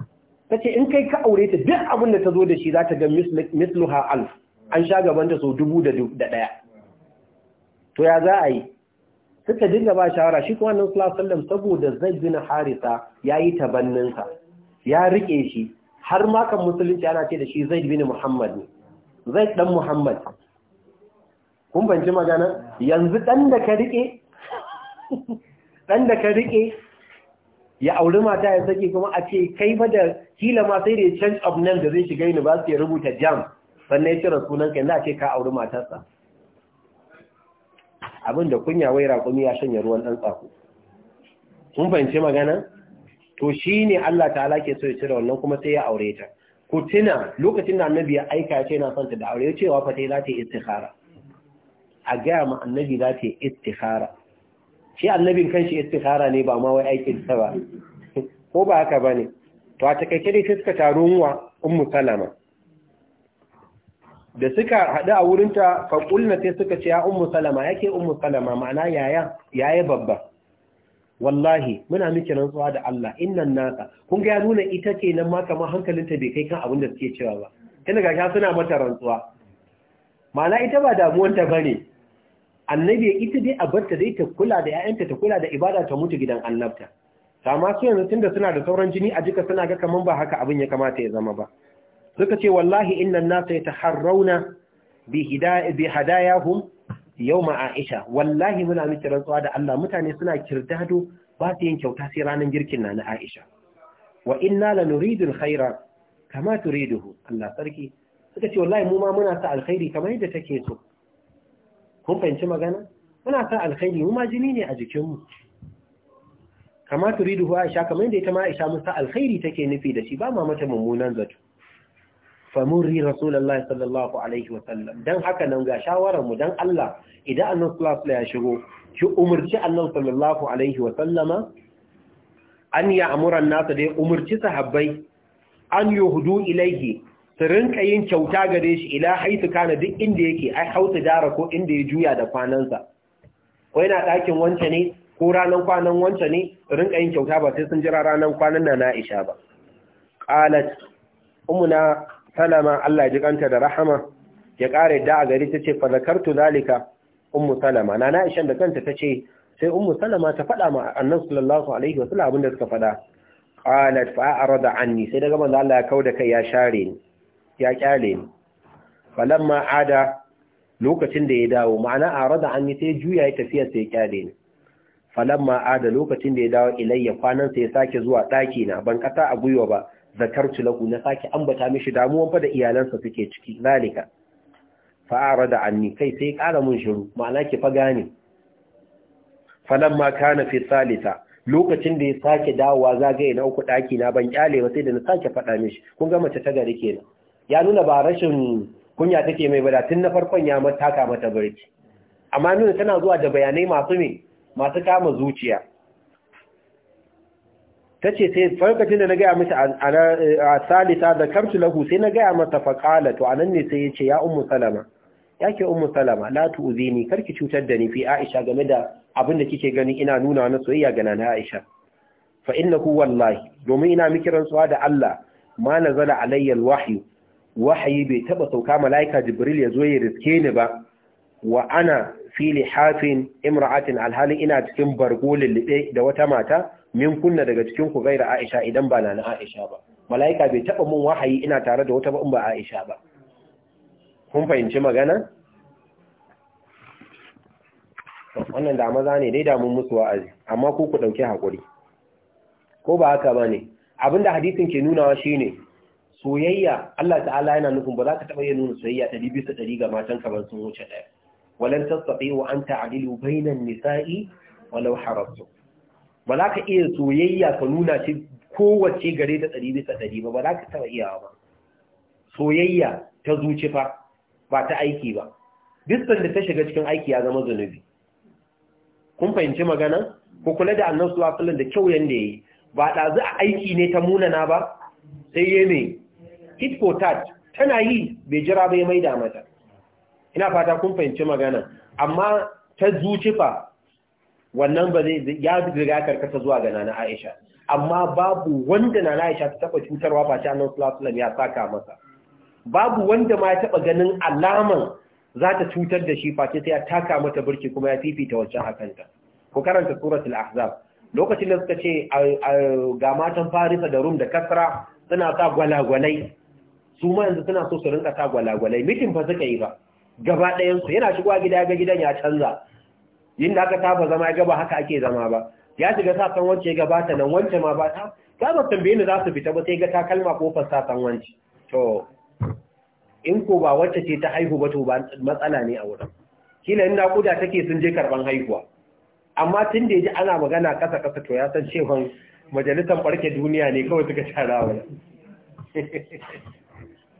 ta ce in kai ka aure ta duk abin da ta zo da shi za ta ga misluha alf an sha gabanta sau dubu da ɗaya to ya za a yi suka dinga ba shawara shi kuma nan sallallahu saboda zai gina harisa yayi sa ya rike shi har ma kan musulunci ana ce da shi zai bin muhammad ne zai dan muhammad kun banci magana yanzu dan da ka rike dan [LAUGHS] da ka rike ya auri mata ya saki kuma a ce kai ba da kila ma sai da change of name da zai shiga su ya rubuta jam sannan ya cire sunan ka yanzu ce ka auri matarsa abin da kunya wai raƙumi ya shanya ruwan ɗan tsako kun fahimci magana to shi ne Allah ta'ala ke so ya cire wannan kuma sai ya aure ta ku tuna lokacin da annabi ya aika ya ce na son ta da aure cewa fa sai za ta yi istikhara a ga ma annabi za ta yi istikhara shi annabin kanshi istikhara ne ba ma wai aikin sa ba ko ba haka bane to a takaice dai suka taro wa ummu salama da suka haɗu a wurinta fa kulna sai suka ce ya ummu salama yake ummu salama ma'ana yaya yaya babba wallahi muna miki rantsuwa da Allah innan naka kun ga ya nuna ita ce nan ma kamar hankalinta bai kai kan abin da suke cewa ba Kina ga suna mata rantsuwa ma'ana ita ba damuwanta bane annabi ita dai a barta dai ta kula da 'ya'yanta ta kula da ibada ta mutu gidan annabta amma su yanzu tunda suna da sauran jini a jika suna ga kaman ba haka abin ya kamata ya zama ba suka ce wallahi innan nasa yataharrauna bi hidaya bi hadayahum yawma aisha wallahi muna miki rantsuwa da Allah mutane suna kirdado ba su yin kyauta sai ranar girkin na na aisha wa inna haira, alkhaira kama turiduhu Allah sarki suka ce wallahi mu ma muna sa alkhairi kamar yadda take so kun fahimci magana muna sa alkhairi mu ma jini ne a jikinmu kama turidu huwa aisha kamar yadda ita ma aisha mun sa alkhairi take nufi da shi ba ma mata mummunan zato famurri rasulullahi sallallahu alaihi wa sallam dan haka nan ga shawaran mu dan Allah idan annabi sallallahu alaihi ya shigo ki umurci annabi sallallahu alaihi wa sallama an ya amuran nasa dai da umurci sahabbai an yuhdu ilaihi su rinka yin kyauta gare shi ila haitu kana duk inda yake ai hautu dara ko inda ya juya da kwanansa ko yana ɗakin wance ne ko ranar kwanan wance ne rinka yin kyauta ba sai sun jira ranar kwanan na na isha ba ƙalat umuna salama Allah ji kanta da rahama ya kare da a gari ta ce Fadakartu zalika umu salama na na ishan da kanta ta ce sai umu salama ta faɗa ma annabi sallallahu alaihi wasallam da suka faɗa qalat fa arada anni sai daga manzo Allah ya kauda kai ya share ni ya kyale ni falamma ada lokacin da ya dawo ma'ana arada an yi sai juya ya tafiya sai ya kyale ni falamma ada lokacin da ya dawo ilayya kwanan sai ya sake zuwa daki na ban kasa a gwiwa ba zakartu lahu na sake ambata mishi damuwan fa da iyalansa suke ciki zalika fa arada anni kai sai kara mun shiru ma'ana ki fa gane falamma kana fi salisa lokacin da ya sake dawowa zagaye na uku daki na ban kyale ba sai da na sake faɗa mishi kun ga mace ta gari kenan ya nuna ba rashin kunya take mai bada tun na farkon ya mataka mata barci, amma nuna tana zuwa da bayanai masu ne masu kama zuciya ta ce sai farkacin da na gaya mace a salisa da kamtu lahu sai na gaya mata faƙala to anan ne sai ya ce ya umu salama ya ke umu salama la tu'zini karki cutar da ni fi aisha game da abin da kike gani ina nuna na soyayya ga nana aisha fa ku wallahi domin ina miki rantsuwa da Allah ma nazala alayyar wahyu. wahayi bai taba sauka mala'ika jibril ya zo ya riske ni ba wa ana fi hafin imra'atin alhalin ina cikin bargo lullube da wata mata min kunna daga cikin ku gaira Aisha idan ba na Aisha ba mala'ika bai taba mun wahayi ina tare da wata ba in ba Aisha ba kun fahimci magana wannan da maza ne dai damun musu wa'azi amma ku ku dauke hakuri ko ba haka bane abinda hadisin ke nunawa shine soyayya Allah ta'ala yana nufin ba za ka taɓa yin nuna soyayya ɗari bisa ɗari ga matan kamar sun wuce ɗaya walan tattaɓe wa an ta'adilu bainan nisa'i walau harastu ba za ka iya soyayya ka nuna ce kowace gare ta ɗari bisa ɗari ba ba za ka taɓa iyawa ba soyayya ta zuci fa ba ta aiki ba distan da ta shiga cikin aiki ya zama zunubi kun fahimci magana ko kula da annabi sallallahu da kyau yanda ya yi. ba ɗazu a aiki ne ta munana ba sai mai. tit for tat tana yi bai jira bai maida mata ina fata kun fahimci magana amma ta zuci fa wannan ba zai ya riga karkata zuwa ga nana Aisha amma babu wanda nana Aisha ta taba cutarwa ba ta Annabi sallallahu alaihi wasallam ya saka masa babu wanda ma ya taba ganin alaman za ta cutar da shi face sai ya taka mata burki kuma ya fifita wancan akanta ko karanta suratul ahzab lokacin da suka ce ga matan farisa da rum da kasra suna sa gwalagwalai su ma yanzu suna so su rinka ta gwalagwalai mitin fa suka yi ba gaba ɗayan su yana shigowa gida ga gidan ya canza yin da aka tafa zama ya ba haka ake zama ba ya shiga sa san wance gabata nan wance ma ba ta ka ba tambaye ni za su fita ba sai ga takalma kofar sa san wance to in ko ba wacce ce ta haihu ba to ba matsala ne a wurin kila inda kuda take sun je karban haihuwa amma tun da ya ji ana magana kasa kasa to ya san cewa majalisar ɓarke duniya ne kawai suka tara wa [LAUGHS]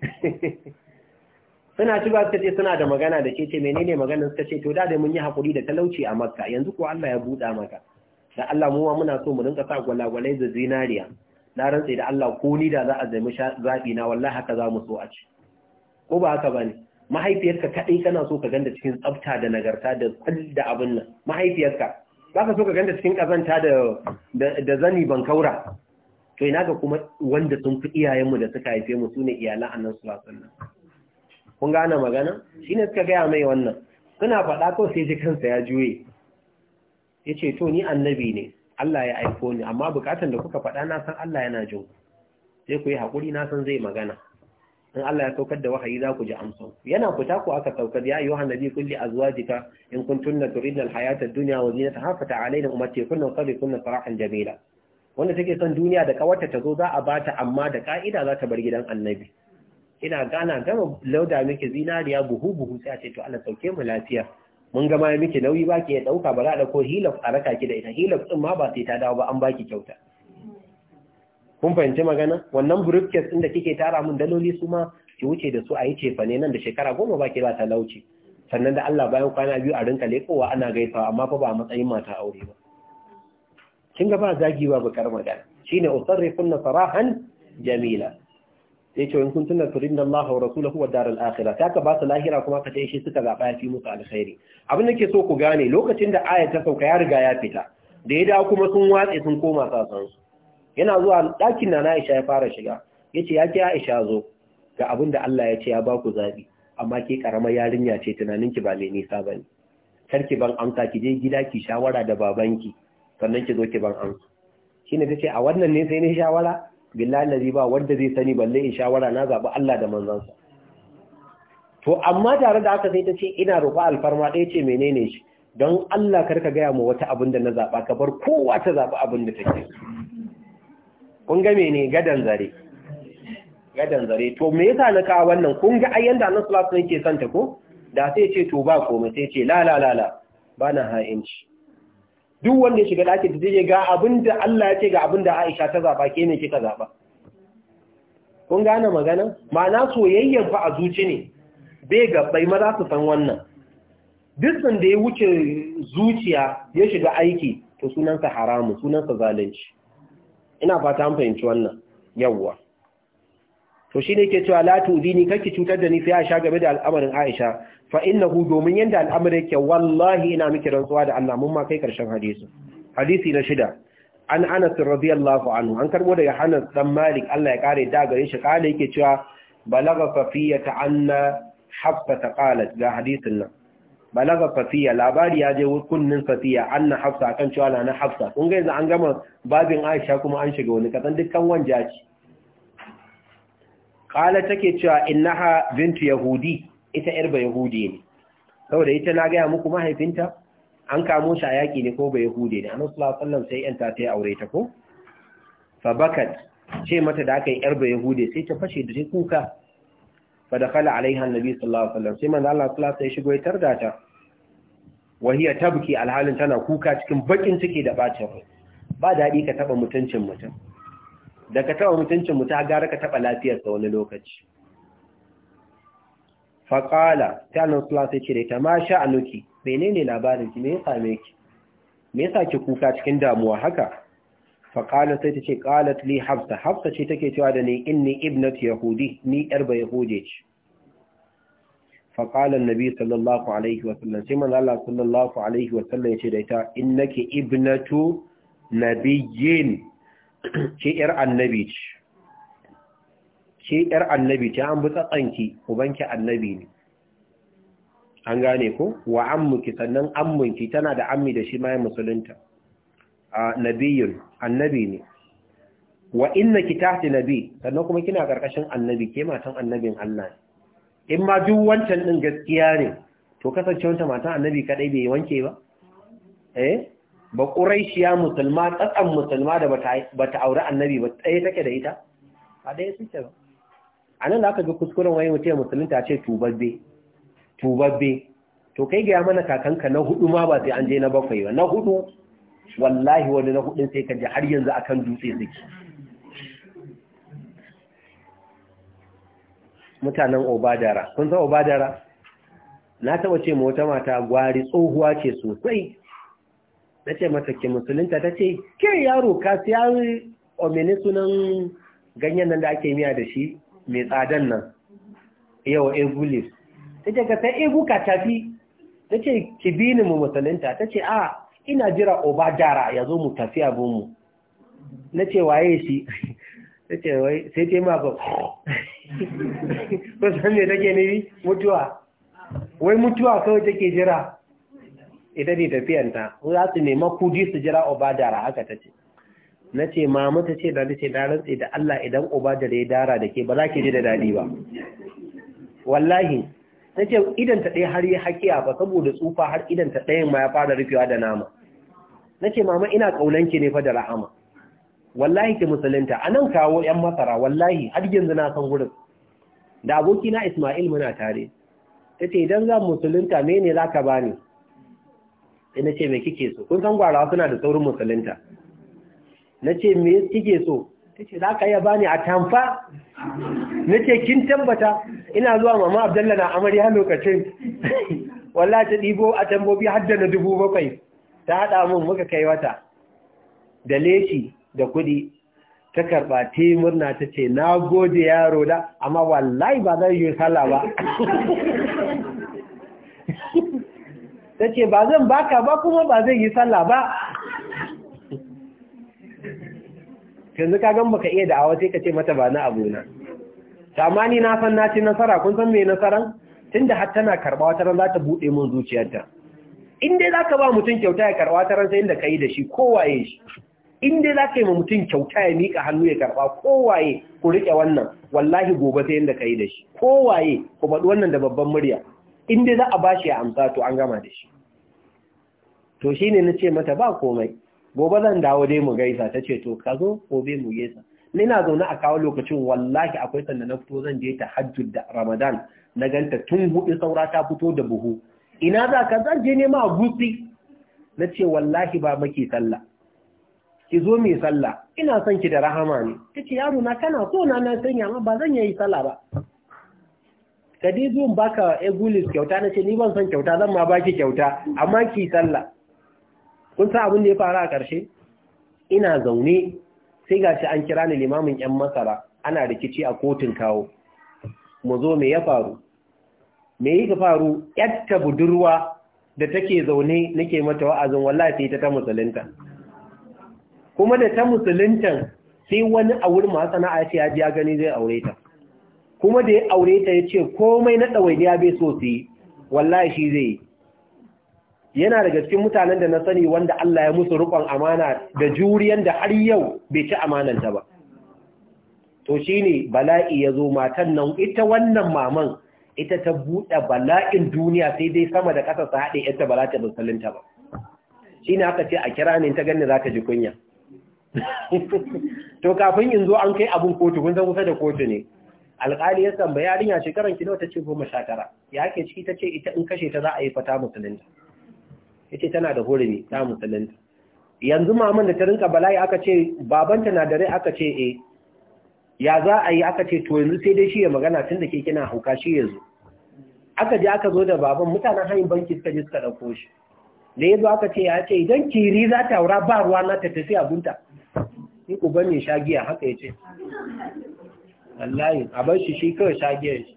[LAUGHS] suna ci ba suka ce suna da magana da ce ce menene maganar suka ce to da da mun yi hakuri da talauci a makka yanzu ko Allah ya buɗa maka da Allah muwa muna so mu rinka sa gwalagwalai da zinariya na rantse da Allah ko ni da za a musha zabi na wallahi haka za mu so a ci ko ba haka bane mahaifiyarka kaɗai kana so ka ganda cikin tsafta da nagarta da da abin nan mahaifiyarka za ka so ka ganda cikin ƙazanta da da zani bankaura to ina ga kuma wanda sun fi iyayenmu da suka haife mu sune iyalan annan su wasannan kun gane magana shine suka gaya mai wannan suna faɗa ko sai ji kansa ya juye ya ce to ni annabi ne Allah ya aiko ni amma bukatan da kuka faɗa na san Allah yana jin ku sai ku yi haƙuri na san zai magana in Allah ya saukar da wahayi za ku ji amsa yana fita ku aka saukar ya yohan nabi kulli azwajika in kuntunna turidna alhayata ad-dunya wa zinataha fa alayna ummati kunna qadi kunna sarahan jamila wanda take son duniya da kawarta ta zo za a bata amma da ka'ida za ta bar gidan annabi ina gana gama lauda miki zinariya buhu buhu sai a ce to Allah sauke mu lafiya mun gama mai miki nauyi baki ya dauka ba za a dauko hilaf a raka ki da ita hilaf din ma ba sai ta dawo ba an baki kyauta kun fahimci magana wannan briefcase din da kike tara mun daloli su ma ki wuce da su a yi cefa ne nan da shekara goma baki ba ta lauce sannan da Allah bayan kwana biyu a rinka lekowa ana gaisawa amma fa ba a matsayin mata aure ba kin ga ba zagi ba bakar magana shine usarrifunna sarahan jamila sai ce in kun tuna turin Allah wa rasuluhu wa daral akhirah kaka ba su lahira kuma ka tayi shi suka zaba ya fi musu alkhairi abin da ke so ku gane lokacin da aya ta sauka ya riga ya fita da ya dawo kuma sun watse sun koma sasan su yana zuwa ɗakin na Aisha ya fara shiga yace ya ki Aisha zo ga abin da Allah ya ce ya ba ku zabi amma ke karamar yarinya ce tunaninki ba mai nisa bane karki ban amsa ki je gida ki shawara da babanki sannan ki zo ki ban amsa ta ce a wannan ne sai ne shawara billahi allazi ba wanda zai sani balle in shawara na zabi Allah da manzansa to amma tare da aka sai ce ina roƙo alfarma ɗaya ce menene shi don Allah karka gaya mu wata abin da na zaɓa ka bar kowa ta zaɓi abin da take kun ga mene gadan zare gadan zare to me yasa na kawo wannan kun ga ayyan da Annabi sallallahu alaihi wasallam ke santa ko da sai ce to ba komai sai ce la la la la bana ha'inci duk wanda ya shiga ɗakin ta ce ga abinda Allah ya ce ga abin da Aisha ta zaba ke ne kika zaba kun gane magana ma'ana soyayyar fa a zuci ne bai ga bai maza su san wannan duk da ya wuce zuciya ya shiga aiki to sunansa haramu sunansa zalunci ina fata an fahimci wannan yawwa to shi ne ke cewa la dini kake cutar da ni sai Aisha game da al'amarin Aisha fa innahu domin yanda al'amarin yake wallahi ina miki rantsuwa da Allah mun ma kai karshen hadisi hadisi na shida an Anas radiyallahu anhu an karbo daga Anas dan Malik Allah ya kare da gare shi kale yake cewa balagha ta anna hafsa ta qalat ga hadisin nan balagha safiya labari ya je kunnin safiya anna hafsa kan cewa na hafsa kun ga yanzu an gama babin aisha kuma an shiga wani kasan dukkan wanja ce kala take cewa innaha bintu yahudi ita yar ba yahudi ne saboda ita na gaya muku mahaifinta an kamo shi a yaƙi ne ko ba yahudi ne annabi sallallahu alaihi wasallam sai 'yan ta yi aure ta ko fa bakat ce mata da aka yi yar ba yahudi sai ta fashe da ta kuka fa dakhala alaiha annabi sallallahu alaihi wasallam sai manzo Allah sallallahu alaihi wasallam shigo ya tarda ta hiya tabki alhalin tana kuka cikin bakin ciki da bacin ba daɗi ka taɓa mutuncin mutum da ka taɓa mutuncin mu ta gara ka taɓa lafiyarsa wani lokaci faƙala ta nan sula sai ce da ita ma sha anuki menene labarinki me ya same ki me ya ki kuka cikin damuwa haka faƙala sai ta ce ƙalat li hafsa hafsa ce take cewa da ni inni ibnat yahudi ni yar ba yahude ce faƙalar nabi sallallahu alaihi wasallam sai man Allah sallallahu alaihi wasallam ya ce da ita innaki ibnatu nabiyyin ke ‘yar annabi ce, ke ‘yar annabi ce an butsatsanki, ubanki annabi ne, an gane ko, wa ammuki sannan ammunki tana da ammi da shi mayan musulunta, a nabiyun, annabi ne, wa inna ki tahti nabi, sannan kuma kina ƙarƙashin annabi, ke matan annabin Allah ne, in ma duk wancan ɗin gaskiya ne, to kasance wanta matan annabi kaɗai bai wanke ba? Eh? ba ƙuraishiya musulma tsatsan musulma da bata ta aure annabi ba tsaye take da ita a ɗaya ce ba a nan da aka ga kuskuren wani mutum musulunta ce tubabbe tubabbe to kai gaya mana kakanka na hudu ma ba sai an je na bakwai ba na hudu wallahi wani na hudun sai ka ji har yanzu akan dutse suke mutanen obadara kun san obadara na taba ce ma wata mata gwari tsohuwa ce sosai na ce mata ke musulunta ta ce ke yaro ka siya omini sunan ganyen nan da ake miya da shi mai tsadan nan yawa egu leaf ta ce ka sai egu ka tafi ta ce ki bi mu musulunta ta ce a ah, ina jira oba jara ya zo mu tafi abinmu na ce waye shi ta [LAUGHS] ce wai sai ce ma ba kusan [LAUGHS] me take nufi mutuwa wai mutuwa kawai take jira ita ne tafiyanta za su nema kudi su jira obadara haka ta ce na ce mamu ta ce da ce na rantse da Allah idan obadara ya dara da ke ba za ki ji da daɗi ba wallahi na ce idan ta ɗaya har yi haƙiya ba saboda tsufa har idan ta ɗayan ma ya fara rufewa da nama na ce mama ina ƙaunanki ne fa da rahama wallahi ki musulunta a nan kawo 'yan masara wallahi har yanzu na san gurin da abokina Ismail muna tare ta ce idan za musulunta mene za ka bani sai na ce me kike so kun san gwara suna da saurin musulunta na ce me kike so ta ce za ka iya bani a tamfa na ce kin tambata ina zuwa mama abdalla na ha lokacin [LAUGHS] walla ta ɗibo a tambobi da na dubu bakwai ta haɗa mun muka kai wata da leshi da kuɗi ta karɓa ta murna ta ce na gode yaro da amma wallahi ba zai yi sala ba [LAUGHS] ta ce ba zan baka ba kuma ba zai yi sallah ba yanzu ka gan baka iya da'awa sai ka ce mata ba na abu na amma ni na san na ci nasara kun san me nasaran tunda har tana karba wata ran za ta bude mun zuciyarta in dai ka ba mutum kyauta ya karba wata ran sai inda kai da shi kowaye shi in dai ka yi ma mutum kyauta ya mika hannu ya karba kowaye ku rike wannan wallahi gobe sai inda kai da shi kowaye ku faɗi wannan da babban murya in dai za a bashi ya amsa to an gama da shi to shi ne na ce mata ba komai gobe zan dawo dai mu gaisa ta ce to ka zo gobe mu gaisa ni na zaune a kawo lokacin wallahi akwai sanda na fito zan je ta hajjud da ramadan na ganta tun hudu saura ta fito da buhu ina za ka zan je nema a gutsi na ce wallahi ba maki sallah ki zo mai sallah ina son ki da rahama ne ta ce yaro na kana so na na sanya amma ba zan yi sallah ba ka dai zo baka egulis kyauta na ce ni ban son kyauta zan ma baki kyauta amma ki sallah kun sa abin da ya faru a ƙarshe ina zaune sai gashi an kira ni limamin yan masara ana rikici a kotun kawo mu zo me ya faru me yake faru yatta budurwa da take zaune nake mata wa'azin wallahi sai ta ta musulunta kuma da ta musuluntan sai wani a wurin masu a ce ya ji gani zai aure ta kuma da ya aure ta ya ce komai na ɗawainiya bai so su yi wallahi shi zai yi yana daga cikin mutanen da na sani wanda Allah ya musu rukon amana da juriyan da har yau bai ci amananta ba to shine bala'i ya zo matan nan ita wannan maman ita ta buɗe bala'in duniya sai dai sama da ƙasa sa haɗe yadda ba za ta musulunta ba shine aka ce a kira ne ta ganni za ta ji kunya [LAUGHS] to kafin in zo an kai abin kotu kun san kusa da kotu ne alƙali ya tambaya yarinya shekaran ki nawa tace 19 ya ke ciki tace ita in kashe ta za a yi fata musulunta yace tana da ne ta musulunta yanzu maman da ta rinka bala'i aka ce babanta na da aka ce eh ya za a yi aka ce to yanzu sai dai shi ya magana tun da ke kina hauka shi ya zo aka je aka zo da baban mutanen hanyar banki suka je suka ɗauko shi da ya aka ce ya ce idan kiri za ta wura ba ruwa na ta tafi abunta ni ku bane shagiya haka ya ce wallahi a bar shi shi kawai shagiyar shi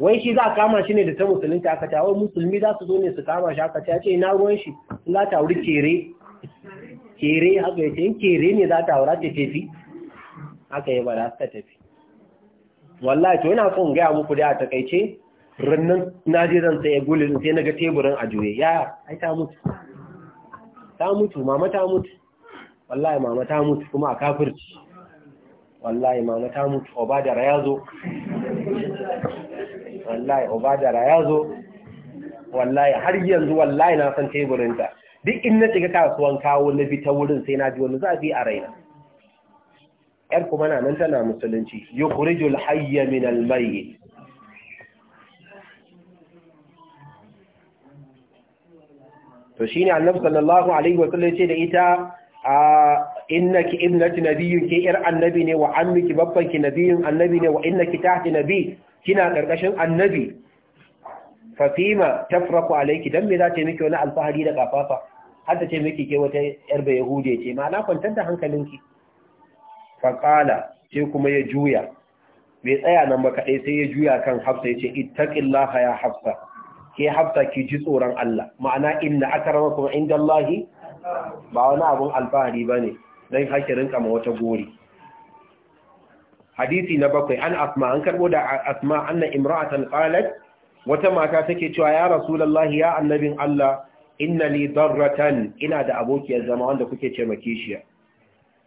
wai shi za a kama shi ne da ta musulunta aka ta wai musulmi za su zo ne su kama shi aka ta ce na ruwan shi za ta wuri kere kere haka ya ce in kere ne za ta wura ta tafi haka ya bada ta tafi wallahi to yana son gaya muku da a takaice rannan na je zan sai gulin sai na ga teburin a juye ya ai ta mutu ta mutu mama ta mutu wallahi mama ta mutu kuma a kafirci wallahi mama ta mutu obadara ya zo wallahi obadara ya zo wallahi har yanzu wallahi na san teburinta duk in na shiga kasuwan kawo na bi ta wurin sai na ji wani zafi a raina yar kuma na nan tana musulunci yukhrijul hayya min al mayyit to shine annabi sallallahu alaihi wa wasallam ce da ita innaki ibnatu nabiyyun ke yar annabi ne wa ammiki babbanki nabiyyun annabi ne wa innaki tahti nabiy kina karkashin annabi fafima tafraku alayki dan me za ta yi miki wani alfahari da kafafa har ta ce miki ke wata yar ba yahude ce ma'ana kwantar da hankalinki faqala sai kuma ya juya bai tsaya nan ba kadai sai ya juya kan hafsa yace ittaqillaha ya hafsa ke hafsa ki ji tsoron Allah ma'ana inna akramakum indallahi ba wani abun alfahari bane dan hakirin kama wata gori hadisi na bakwai an asma an karbo da asma anna imra'atan qalat wata mata take cewa ya rasulullahi ya annabin Allah inna darratan ina da abokiyar zama wanda kuke ce makishiya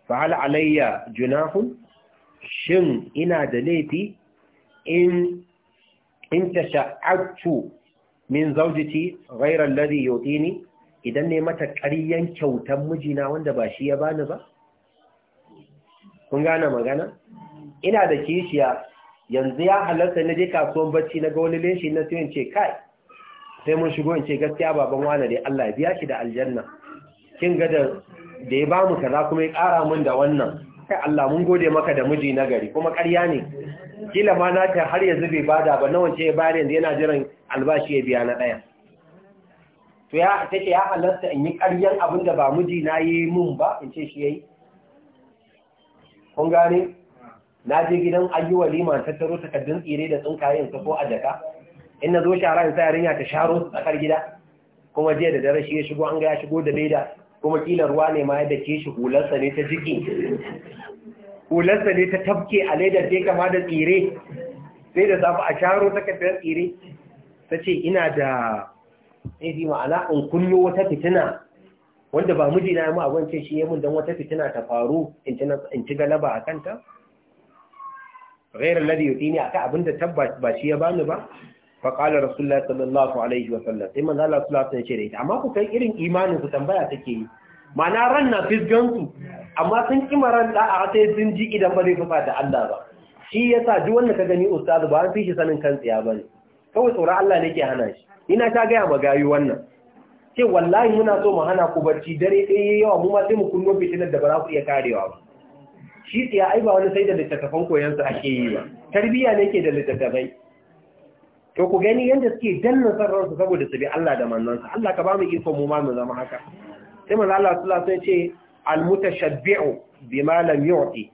fa hal alayya junahun shin ina da laifi in in tasha'atu min zawjati ghayra alladhi yutini idan ne mata ƙaryan kyautan mijina wanda ba shi ya bani ba kun gane magana ina da kishiya yanzu ya halarta na je kasuwan bacci na ga wani leshi na sai ce kai sai mun shigo in ce gaskiya baban wani dai Allah ya biya shi da aljanna kin ga da da ya bamu kaza kuma ya kara mun da wannan kai Allah mun gode maka da miji na gari kuma ƙarya ne kila ma na ta har yanzu bai bada ba nawa ce ya bayar yanzu yana jiran albashi ya biya na ɗaya to ya take ya halarta in yi ƙaryan abin da ba miji na yi mun ba in ce shi yayi kun gane na je gidan ayi walima ta taro takardun tsire da tsinkayen ta ko a jaka in nazo zo shara in sa yarinya ta sharo tsakar gida kuma jiya da dare shi ya shigo an ga ya shigo da leda kuma kila ruwa ne ma yadda ke shi hulansa ne ta jiki hulansa ne ta tafke a ledar ta kama da tsire sai da zafi a sharo takardar tsire ta ce ina da ɗaiɗi ma'ana in kunyo wata fitina wanda ba mijina ya mu abin ce shi ya mun don wata fitina ta faru in ci galaba a kanta ghairar ladi yutini ne aka abin da tabbas ba shi ya bani ba fa qala rasulullah sallallahu alaihi wa sallam sai manzo Allah sallallahu alaihi wa sallam amma ku kai irin imanin ku tambaya take yi Mana ran na fisgan amma sun kima ran da a sai sun ji idan ba zai Allah ba shi yasa duk wanda ka gani ustazu ba an fi shi sanin kan tsiya bane kawai tsoron Allah ne ke hana shi ina ta gaya ma gayu wannan ce wallahi muna so mu hana ku barci dare ɗaya yawa mu ma sai mu kunno fitinar da ba za ku iya karewa ba shi tsaye ai ba wani sai da littattafan koyon su ake yi ba tarbiyya ne ke da littattafai to ku gani yadda suke danna sarran su saboda su bi Allah da manzon Allah ka ba mu iko mu ma mu zama haka sai manzo Allah sallallahu alaihi wasallam ce al mutashabbi'u bima lam yu'ti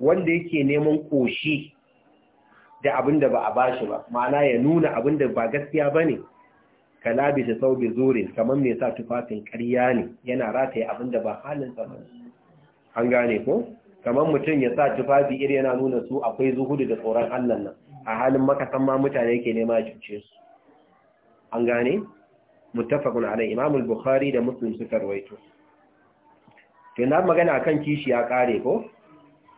wanda yake neman koshi da abinda ba a bashi ba ma'ana ya nuna da ba gaskiya bane ka Kalabi ta bi zuri kamar me sa tufafin ƙarya ne yana rataye abin da ba halin sa an gane ko kamar mutum ya sa tufafi iri yana nuna su akwai zuhudu da tsoron Allah nan a halin makasan ma mutane yake nema cuce su an gane muttafaqun alai Imam al-Bukhari da Muslim suka rawaito to yanzu magana akan kishi ya kare ko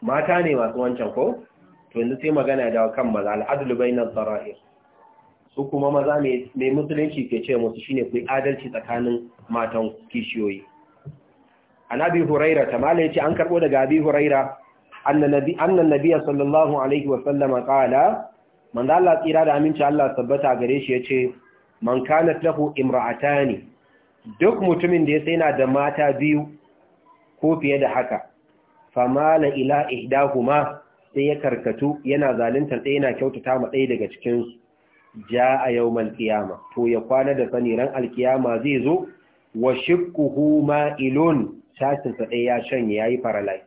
mata ne masu wancan ko to yanzu sai magana da kan maza al-adlu bainal su kuma maza mai musulunci ke ce musu shine ku adalci tsakanin matan kishiyoyi an abi huraira ta mala yace an karbo daga abi huraira annan Nabiya sallallahu alaihi wa sallama man da Allah tsira da aminci Allah tabbata gare shi ce, man kanat lahu ne. duk mutumin da yace yana da mata biyu ko fiye da haka famala ila ihdahuma sai ya karkatu yana zalunta ɗaya yana kyautata ma ɗaya daga cikin ja a yawmal qiyama to ya kwana da sani ran alkiyama zai zo wa ma ma'ilun cacinsa ɗaya ya shanye ya yi paralyze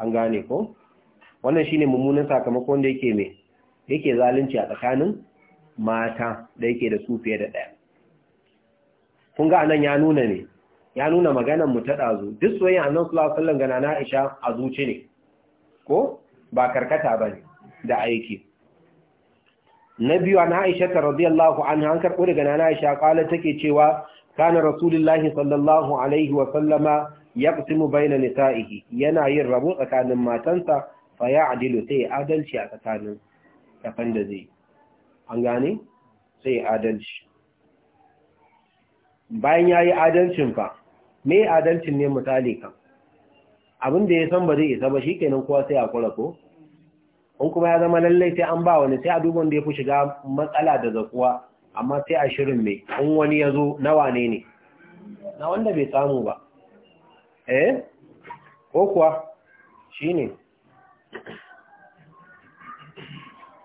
an gane ko wannan shine mummunan sakamakon da yake mai yake zalunci a tsakanin mata da yake da su fiye da ɗaya kun ga anan ya nuna ne ya nuna maganan mu ta ɗazu duk soyayya annan sulawar sallan gana na isha a zuci ne ko ba karkata ba ne da aiki na biyu a aisha ta radiyallahu an hankar karɓo daga nana aisha ƙwala take cewa kana rasulullahi sallallahu alaihi wa sallama yaqsimu baina nisa'ihi yana yin rabo tsakanin matansa fa ya'dilu sai adalci a tsakanin kafan da zai an gane sai adalci bayan yayi adalcin fa me adalcin ne misali kan abin da ya san ba zai isa ba shikenan kowa sai a kula ko in kuma ya zama lallai sai an ba wani sai a duba wanda ya fi shiga matsala da zakuwa amma sai a shirin mai in wani ya zo na wane ne na wanda bai samu ba eh ko kuwa shi ne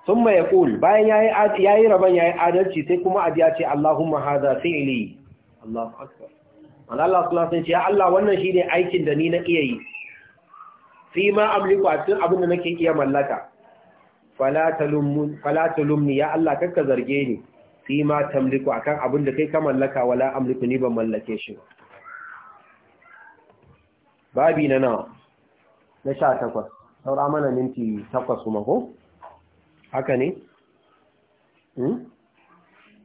sun mai ƙul bayan ya yi rabon ya yi adalci sai kuma a ce Allahumma haza sai ili yi. akwai wani Allah suna sun ce ya Allah wannan shi ne aikin da ni na iya yi fi ma amliku a cikin abin da nake iya mallaka falatalumni ya Allah kakka zarge ni fi ma tamliku akan abin da kai ka mallaka wala amliku ni ban mallake shi ba babi na nawa na sha takwas saura mana minti takwas kuma ko haka ne hmm?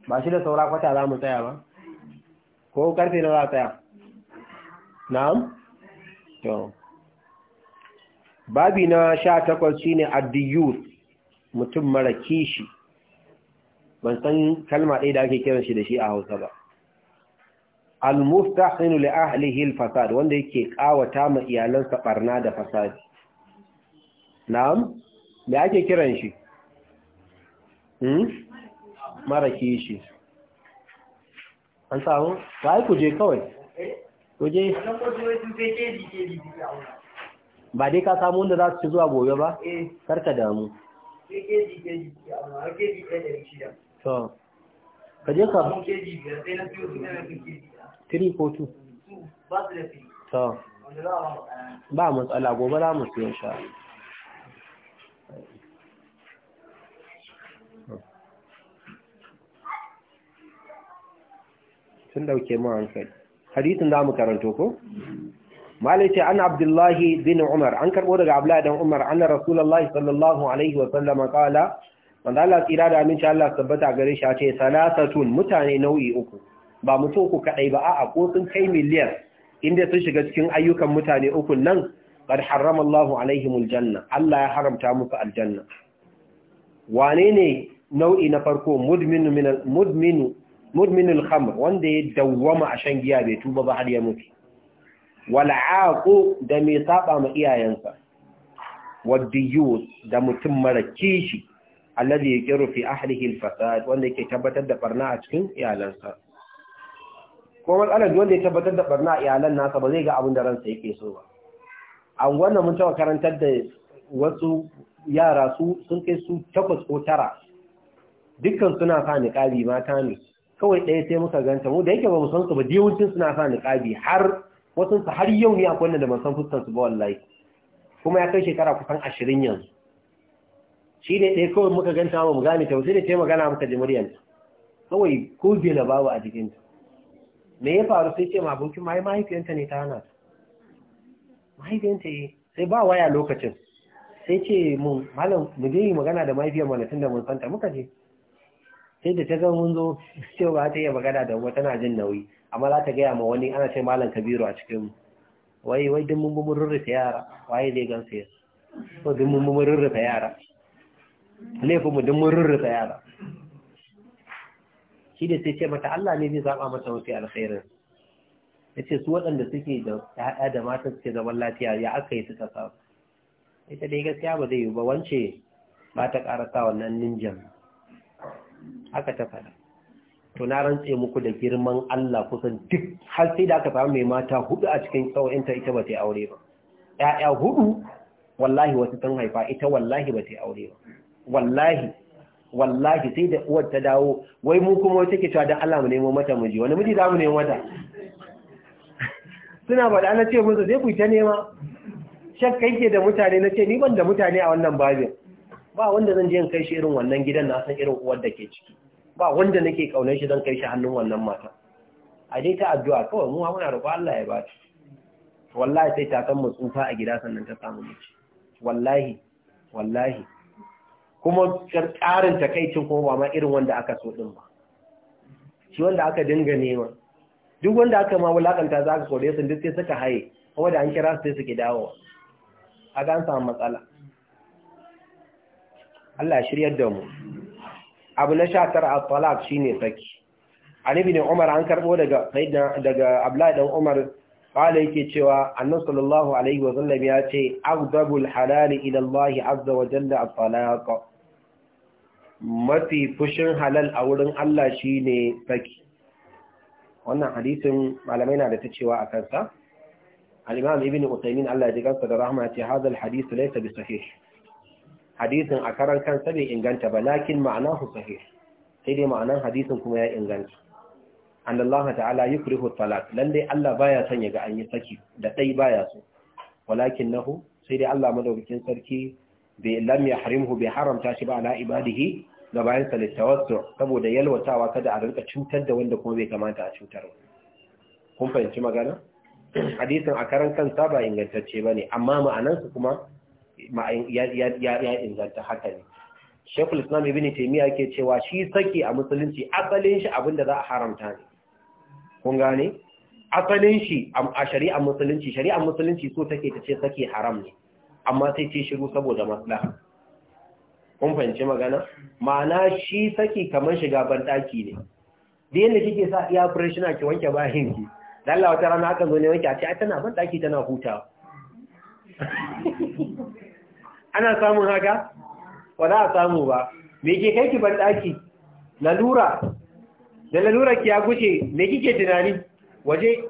ba shi da saura kwata za mu tsaya ba ko karfe na za a tsaya na'am to babi na sha takwas shine addiyus mutum mara kishi ban san kalma ɗaya da ake kiran shi da shi a hausa ba al-muftahinu li ahlihi al-fasad wanda yake kawata ma iyalansa barna da fasadi na'am me ake kiran shi hmm mara kishi an samu sai ku je kawai ku je ba dai ka samu wanda za su ci zuwa gobe ba eh. karka damu to ka je ka tiri ko tu to ba matsala gobe za mu siya sha sun dauke mu hankali hadisin za mu karanto ko malai an abdullahi bin umar an karbo daga abdullahi dan umar anna rasulullahi sallallahu alaihi wa sallama qala manzo Allah tsira da aminci Allah tabbata gare shi ce salasatun mutane nau'i uku ba mutum ku kadai ba a'a ko sun kai miliyan inda sun shiga cikin ayyukan mutane uku nan qad harrama Allahu alaihimul janna Allah ya haramta musu aljanna wane ne nau'i na farko mudminu min mudminu khamr wanda ya dawwama a shan giya bai tuba ba har ya mutu wal da mai saba ma iyayensa wadiyus da mutum mara kishi alladhi yuqiru fi ahlihi al-fasad wanda yake tabbatar da barna a cikin iyalansa ko matsalar wanda ya tabbatar da barna a iyalan nasa ba zai ga abin da ransa yake so ba An wannan mun taba karantar da wasu yara su sun kai su takwas ko tara dukkan suna sa niqabi mata ne kawai ɗaya sai muka ganta mu da yake ba mu san su ba yawancin suna sa niqabi har wasu har yau ne akwai wanda da ban san su ba wallahi kuma ya kai shekara kusan ashirin yanzu shi ne ɗaya kawai muka ganta wa mu gane ta wasu da ce magana muka ji muryanta kawai ko na babu a jikinta me ya faru sai ce abokin ma mahaifiyanta ne ta hana mahaifiyanta yi eh. sai ba waya lokacin sai ce mun malam mu je yi magana da mahaifiyar mana tun da mun santa muka je sai da ta zama mun zo [LAUGHS] ce ba ta iya magana da wata tana jin nauyi amma za ta gaya ma wani ana ce malam kabiru a cikin wai wai dun mun mun rurrufe yara waye zai gan ya ko dun mun mun rurrufe yara laifin mu don mun rurrusa yara shi da sai ce mata Allah ne zai zaba mata wasu alkhairin ce su waɗanda suke da ƴaƴa da mata suke zaman lafiya ya aka yi suka ita dai gaskiya ba zai yi ba wance ba ta karasa wannan ninjan haka ta fara to na rantse muku da girman Allah kusan duk har sai da aka samu mai mata hudu a cikin tsawonta ita ba ta yi aure ba ƴaƴa hudu wallahi wasu sun haifa ita wallahi ba ta yi aure ba wallahi wallahi sai da uwar ta dawo wai mu kuma wace ke cewa dan Allah mu nemo mata miji wani miji za nemo mata suna da na ce musu sai ku ta nema shakka ke da mutane na ni ban da mutane a wannan babin ba wanda zan je in kai shi irin wannan gidan na san irin uwar da ke ciki ba wanda nake kaunar shi zan kai shi hannun wannan mata a dai ta addu'a kawai mu muna roƙo Allah ya ba ta wallahi sai ta san mu tsufa a gida sannan ta samu miji wallahi wallahi kuma ƙarin takaicin kuma ba ma irin wanda aka so ɗin ba shi wanda aka dinga nema duk wanda aka ma wulakanta za ka kore su duk sai suka haye kuma da an kira sai suke dawowa a ga an samu matsala Allah shirya da mu abu na sha tara a shi ne saki an ne umar an karɓo daga sayyidina daga abdullahi dan umar qala yake cewa annabi sallallahu alaihi wa sallam ya ce afdabul halal ila Allah azza wa jalla at-talaq mafi fushin halal a wurin Allah shi ne tsaki. wannan hadisin malamai na da ta cewa a kansa al’imam ibn utaymin Allah ya ji kansa da rahama ce hadha hadisu hadith bi sahih hadisin a karan kansa bai inganta ba lakin ma'anahu sahih sai dai ma'anan hadisin kuma ya inganta an Allah ta'ala yukrihu talaq lalle Allah baya son ya ga an yi saki da ba baya so walakin nahu sai dai Allah madaukakin sarki bai lam yahrimhu bai haramta shi ba ala ibadihi ga bayan sa litawassu saboda yalwatawa kada a rinka cutar da wanda kuma bai kamata a cutar kun fahimci magana hadisin a karan kansa ba ingantacce bane amma ma'anansa kuma ya inganta haka ne shekul islam ibn taymiya ke cewa shi saki a musulunci asalin shi abinda za a haramta ne kun gane asalin shi a shari'ar musulunci shari'ar musulunci so take ta ce saki haram ne amma sai ce shiru saboda maslaha kun fahimci magana ma'ana shi saki kamar shiga bandaki ne da yadda kike sa iya na ki wanke bayan ki lalla wata rana aka zo ne wanke a ce ai tana bandaki tana hutawa [LAUGHS] ana samun haka ba za a samu ba me ke kai ki bandaki lalura da lalura ki ya guce me kike tunani waje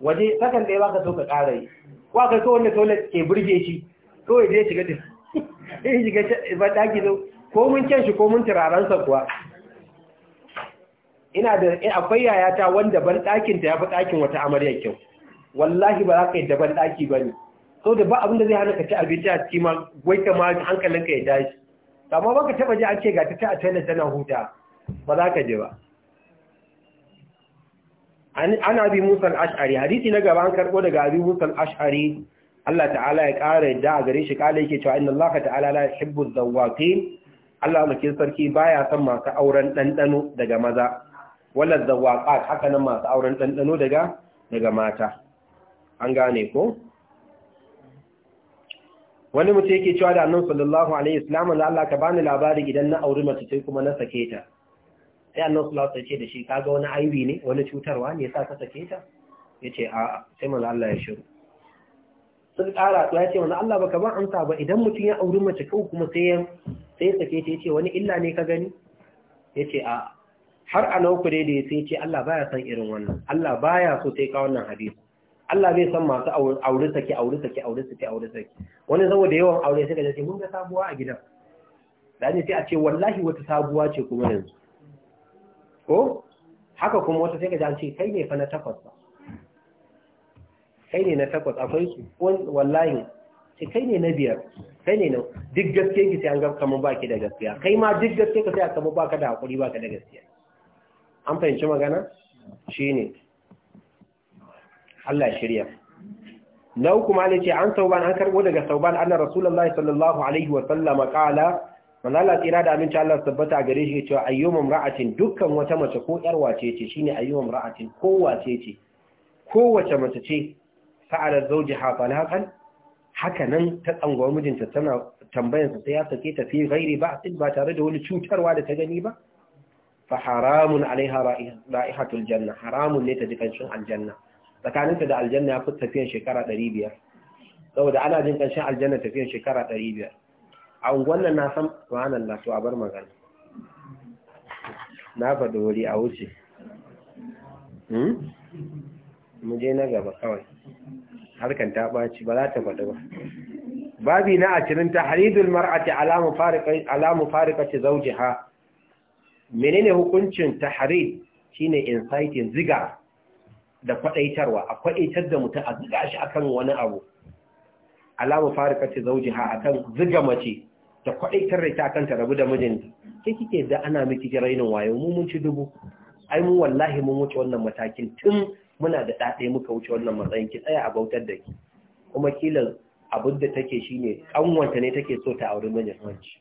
waje sakan ɗaya ba ka so ka ƙara yi ko ka so wanda toilet ke burge shi kawai je shiga din eh [LAUGHS] shiga ba daki zo ko mun kyan shi ko mun sa kuwa ina da eh, akwai yayata wanda ban dakin ta yafi dakin wata amarya kyau wallahi ba za ka yi daban daki bane so da ba abin da zai hana ka ci abinci a cikin ma gwaita ma hankalinka ya tashi amma baka taba ji an ce ga ta ta a toilet tana huta ba za ka je ba an abi musa al-ash'ari hadisi na gaban an karbo daga abi musa al-ash'ari Allah ta'ala ya ƙara yadda a gare shi kala yake cewa inna Allah ta'ala la yuhibbu zawwaqin Allah mulkin sarki baya son masu auren ɗanɗano daga maza wala zawwaqat haka nan masu auren ɗanɗano daga daga mata an gane ko wani mutum yake cewa da annabi sallallahu alaihi wasallam Allah ka bani labari idan na auri mace sai kuma na sake ta sai Allah sallallahu alaihi ce da shi kaga wani aibi ne wani cutarwa ne yasa ka sake ta yace a sai manzo Allah ya shiru sun kara to yace manzo Allah baka ba amsa ba idan mutum ya auri mace ko kuma sai ya sai sake ta yace wani illa ne ka gani yace a har a nauku dai da sai yace Allah baya san irin wannan Allah baya so sai ka wannan hadisi Allah bai san masu aure sake aure sake aure sake aure sake wani saboda yawan aure sai ka ce mun ga sabuwa a gidan da ne sai a ce wallahi wata sabuwa ce kuma yanzu ko haka kuma wata sai ka ji an ce kai ne fa na takwas ba kai ne na takwas akwai su wallahi sai kai ne na biyar kai ne na duk gaske ki sai an ga kamar baki da gaskiya kai ma duk gaske ka sai a kamar baka da hakuri baka da gaskiya an fahimci magana Shi ne. Allah shirya na uku ma ne ce an sauban an karbo daga sauban annar rasulullahi sallallahu alaihi wa sallama qala Allah tsira da aminci Allah tabbata gare shi cewa ayyumum ra'atin dukkan wata mace ko yar wace ce shine ayyumum ra'atin ko wace ce kowace mace ce sa'ala zawjiha falaqan haka nan ta tsangwa mijinta tana tambayar sa sai ya sake ta fi ghairi ba'sin ba tare da wani cutarwa da ta gani ba fa haramun alaiha ra'ihatul janna haramun ne ta ji kanshin aljanna tsakaninta da aljanna ya fi tafiyan shekara 500 saboda ana jin kanshin aljanna tafiyan shekara 500 a wannan na san na, to a bar magana na faɗi wuri a wuce hmm? mu je na gaba kawai harkan ta ɓaci ba za ta faɗi ba babi na ashirin ta haridul mar'ati alamu farikaci zauji ha menene hukuncin ta harid shine inciting ziga da kwaɗaitarwa a kwaɗaitar da mutum a ziga shi akan wani abu alamu farikaci zauji ha akan ziga mace ta kwadaitar da ta kanta rabu da mijinta ke kike da ana miki rainin wayo mu mun ci dubu ai mu wallahi mun wuce wannan matakin tun muna da dade muka wuce wannan matsayin ki tsaya a bautar da ki kuma kila abin da take ne kanwanta ne take so ta aure mijin wanci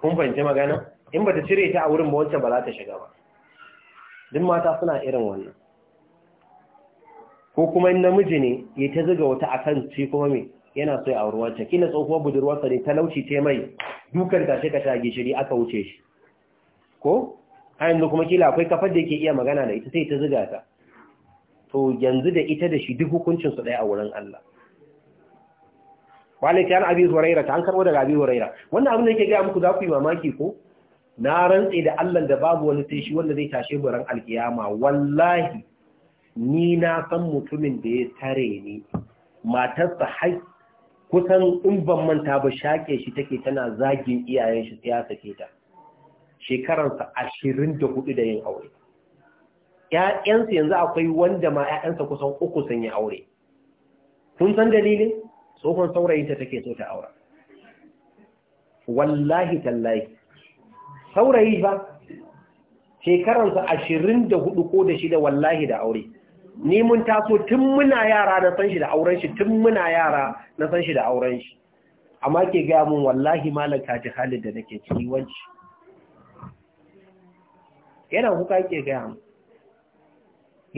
kun fahimci magana in ba ta cire ta a wurin ba wancan ba za ta shiga ba duk mata suna irin wannan ko kuma in namiji ne ya ta zuga wata akan ci kuma me yana so a auri ta kila tsohuwar sa ne talauci ta mai dukan tashe ka a gishiri aka wuce shi ko a yanzu kuma kila akwai kafar da yake iya magana da ita sai ta ziga ta to yanzu da ita da shi duk hukuncin su ɗaya a wurin Allah wale ta an abi huraira ta an karbo daga abi huraira wannan abin da yake ga muku za ku yi mamaki ko na rantse da Allah da babu wani sai shi wanda zai tashe buran alkiyama wallahi ni na san mutumin da ya tare ni matarsa haƙƙi kusan in ban manta ba shaƙe shi take tana zagin iyayen shi ya sake ta shekaransa ashirin da hudu da yin aure ‘ya'yansa yanzu akwai wanda ma ‘ya'yansa kusan uku sun yi aure kun san dalilin tsohon saurayinta take so ta aura wallahi tallahi saurayi ba shekaransa ashirin da hudu ko da shida wallahi da aure ni mun taso tun muna yara na san shi da auren shi tun muna yara na san shi da auren shi amma ke ga mun wallahi malaka ji halin da nake ciki wanci yana kuka ke ga mun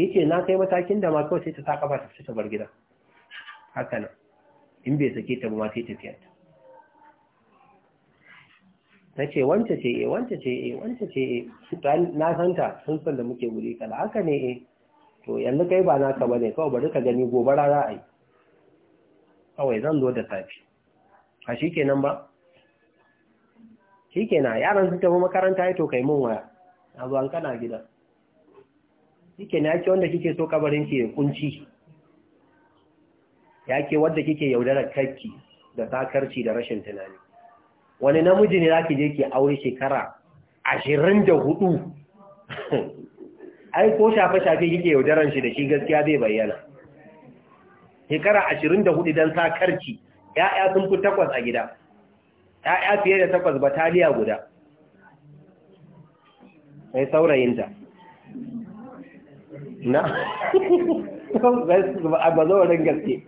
yace na kai matakin da ma kawai sai ta saka ba ta fita bar gida haka nan in bai sake ta ba ma sai fiya ta na ce wanta ce eh wanta ce eh wanta ce eh na santa sun san da muke guri kala haka ne eh. to yanzu kai ba naka ba ne, kawai bari ka gani gobe za a yi kawai zan zo da safi a shi kenan ba shi kenan yaran sun tafi makaranta ya to kai mun waya a zuwan kana gida shi kenan ya ce wanda kike so kabarin ke kunci ya ke wanda kike yaudara kakki da takarci da rashin tunani wani namiji ne za ki je ki aure shekara ashirin da hudu [LAUGHS] ai ko shafe-shafe yake yaudaran shi da shi gaskiya zai bayyana shekara ashirin da hudu don sakarci ya'ya sun fi takwas a gida ya'ya fiye da takwas bataliya guda sai saurayinta na a [LAUGHS] bazowarin gaske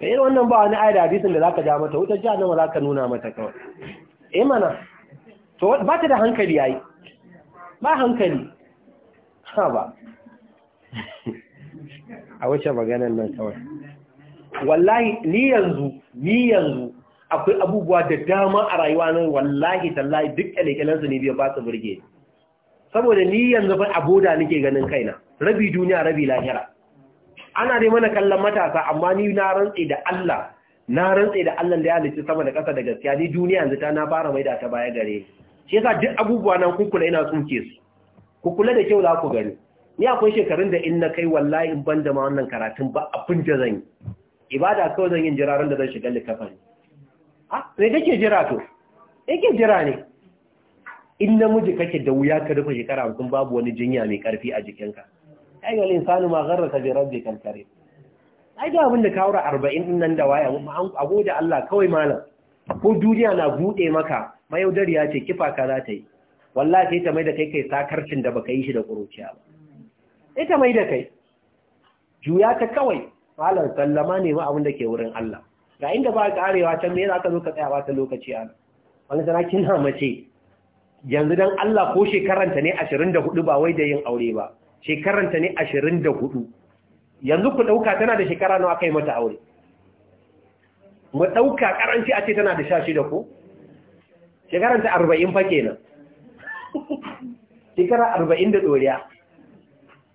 da yi wannan ba wani aida hadisin da za ka ja mata wutar ja nama za ka nuna mata kawai eh mana to ba ta da hankali yayi ba hankali ha ba a wace maganar nan kawai wallahi ni yanzu ni yanzu akwai abubuwa da dama a rayuwa nan wallahi tallahi duk kyalekyalensu ne biya ba su burge saboda ni yanzu fa aboda nake ganin kaina rabi duniya rabi lahira ana dai mana kallon matasa amma ni na rantse da Allah na rantse da Allah da ya halitta sama da ƙasa da gaskiya ni duniya yanzu ta na fara maida ta baya gare ni shi yasa duk abubuwa nan kun kula ina tsuke su ku kula da kyau za ku gani ni akwai shekarun da in na kai wallahi in ban da ma wannan karatun ba a da zan yi ibada kawai zan yin jiraran da zan shiga likafan ah me kake jira to yake jira ne in namiji kake da wuya ka rufe shekara hamsin babu wani jinya mai karfi a jikinka ai wal insanu ma gharraka bi rabbikal karim ai da abin da ka wura 40 nan da waya amma an da Allah kawai malam ko duniya na buɗe maka mayaudariya ce kifa ka za ta yi wallahi sai ta mai da kai kai sakarcin da baka yi shi da ƙuruciya ba ita mai da kai juya ta kawai malam sallama ne ma abin da ke wurin Allah ga inda ba karewa can me za ka zo ka tsaya ba ta lokaci a wani sana kina mace yanzu dan Allah ko shekaranta ne 24 ba wai da yin aure ba shekaranta ne 24 yanzu ku dauka tana da shekara nawa kai mata aure mu ɗauka ƙaranci a ce tana da sha shida ko? shekaranta arba'in fa ke nan, shekara arba'in da ɗoriya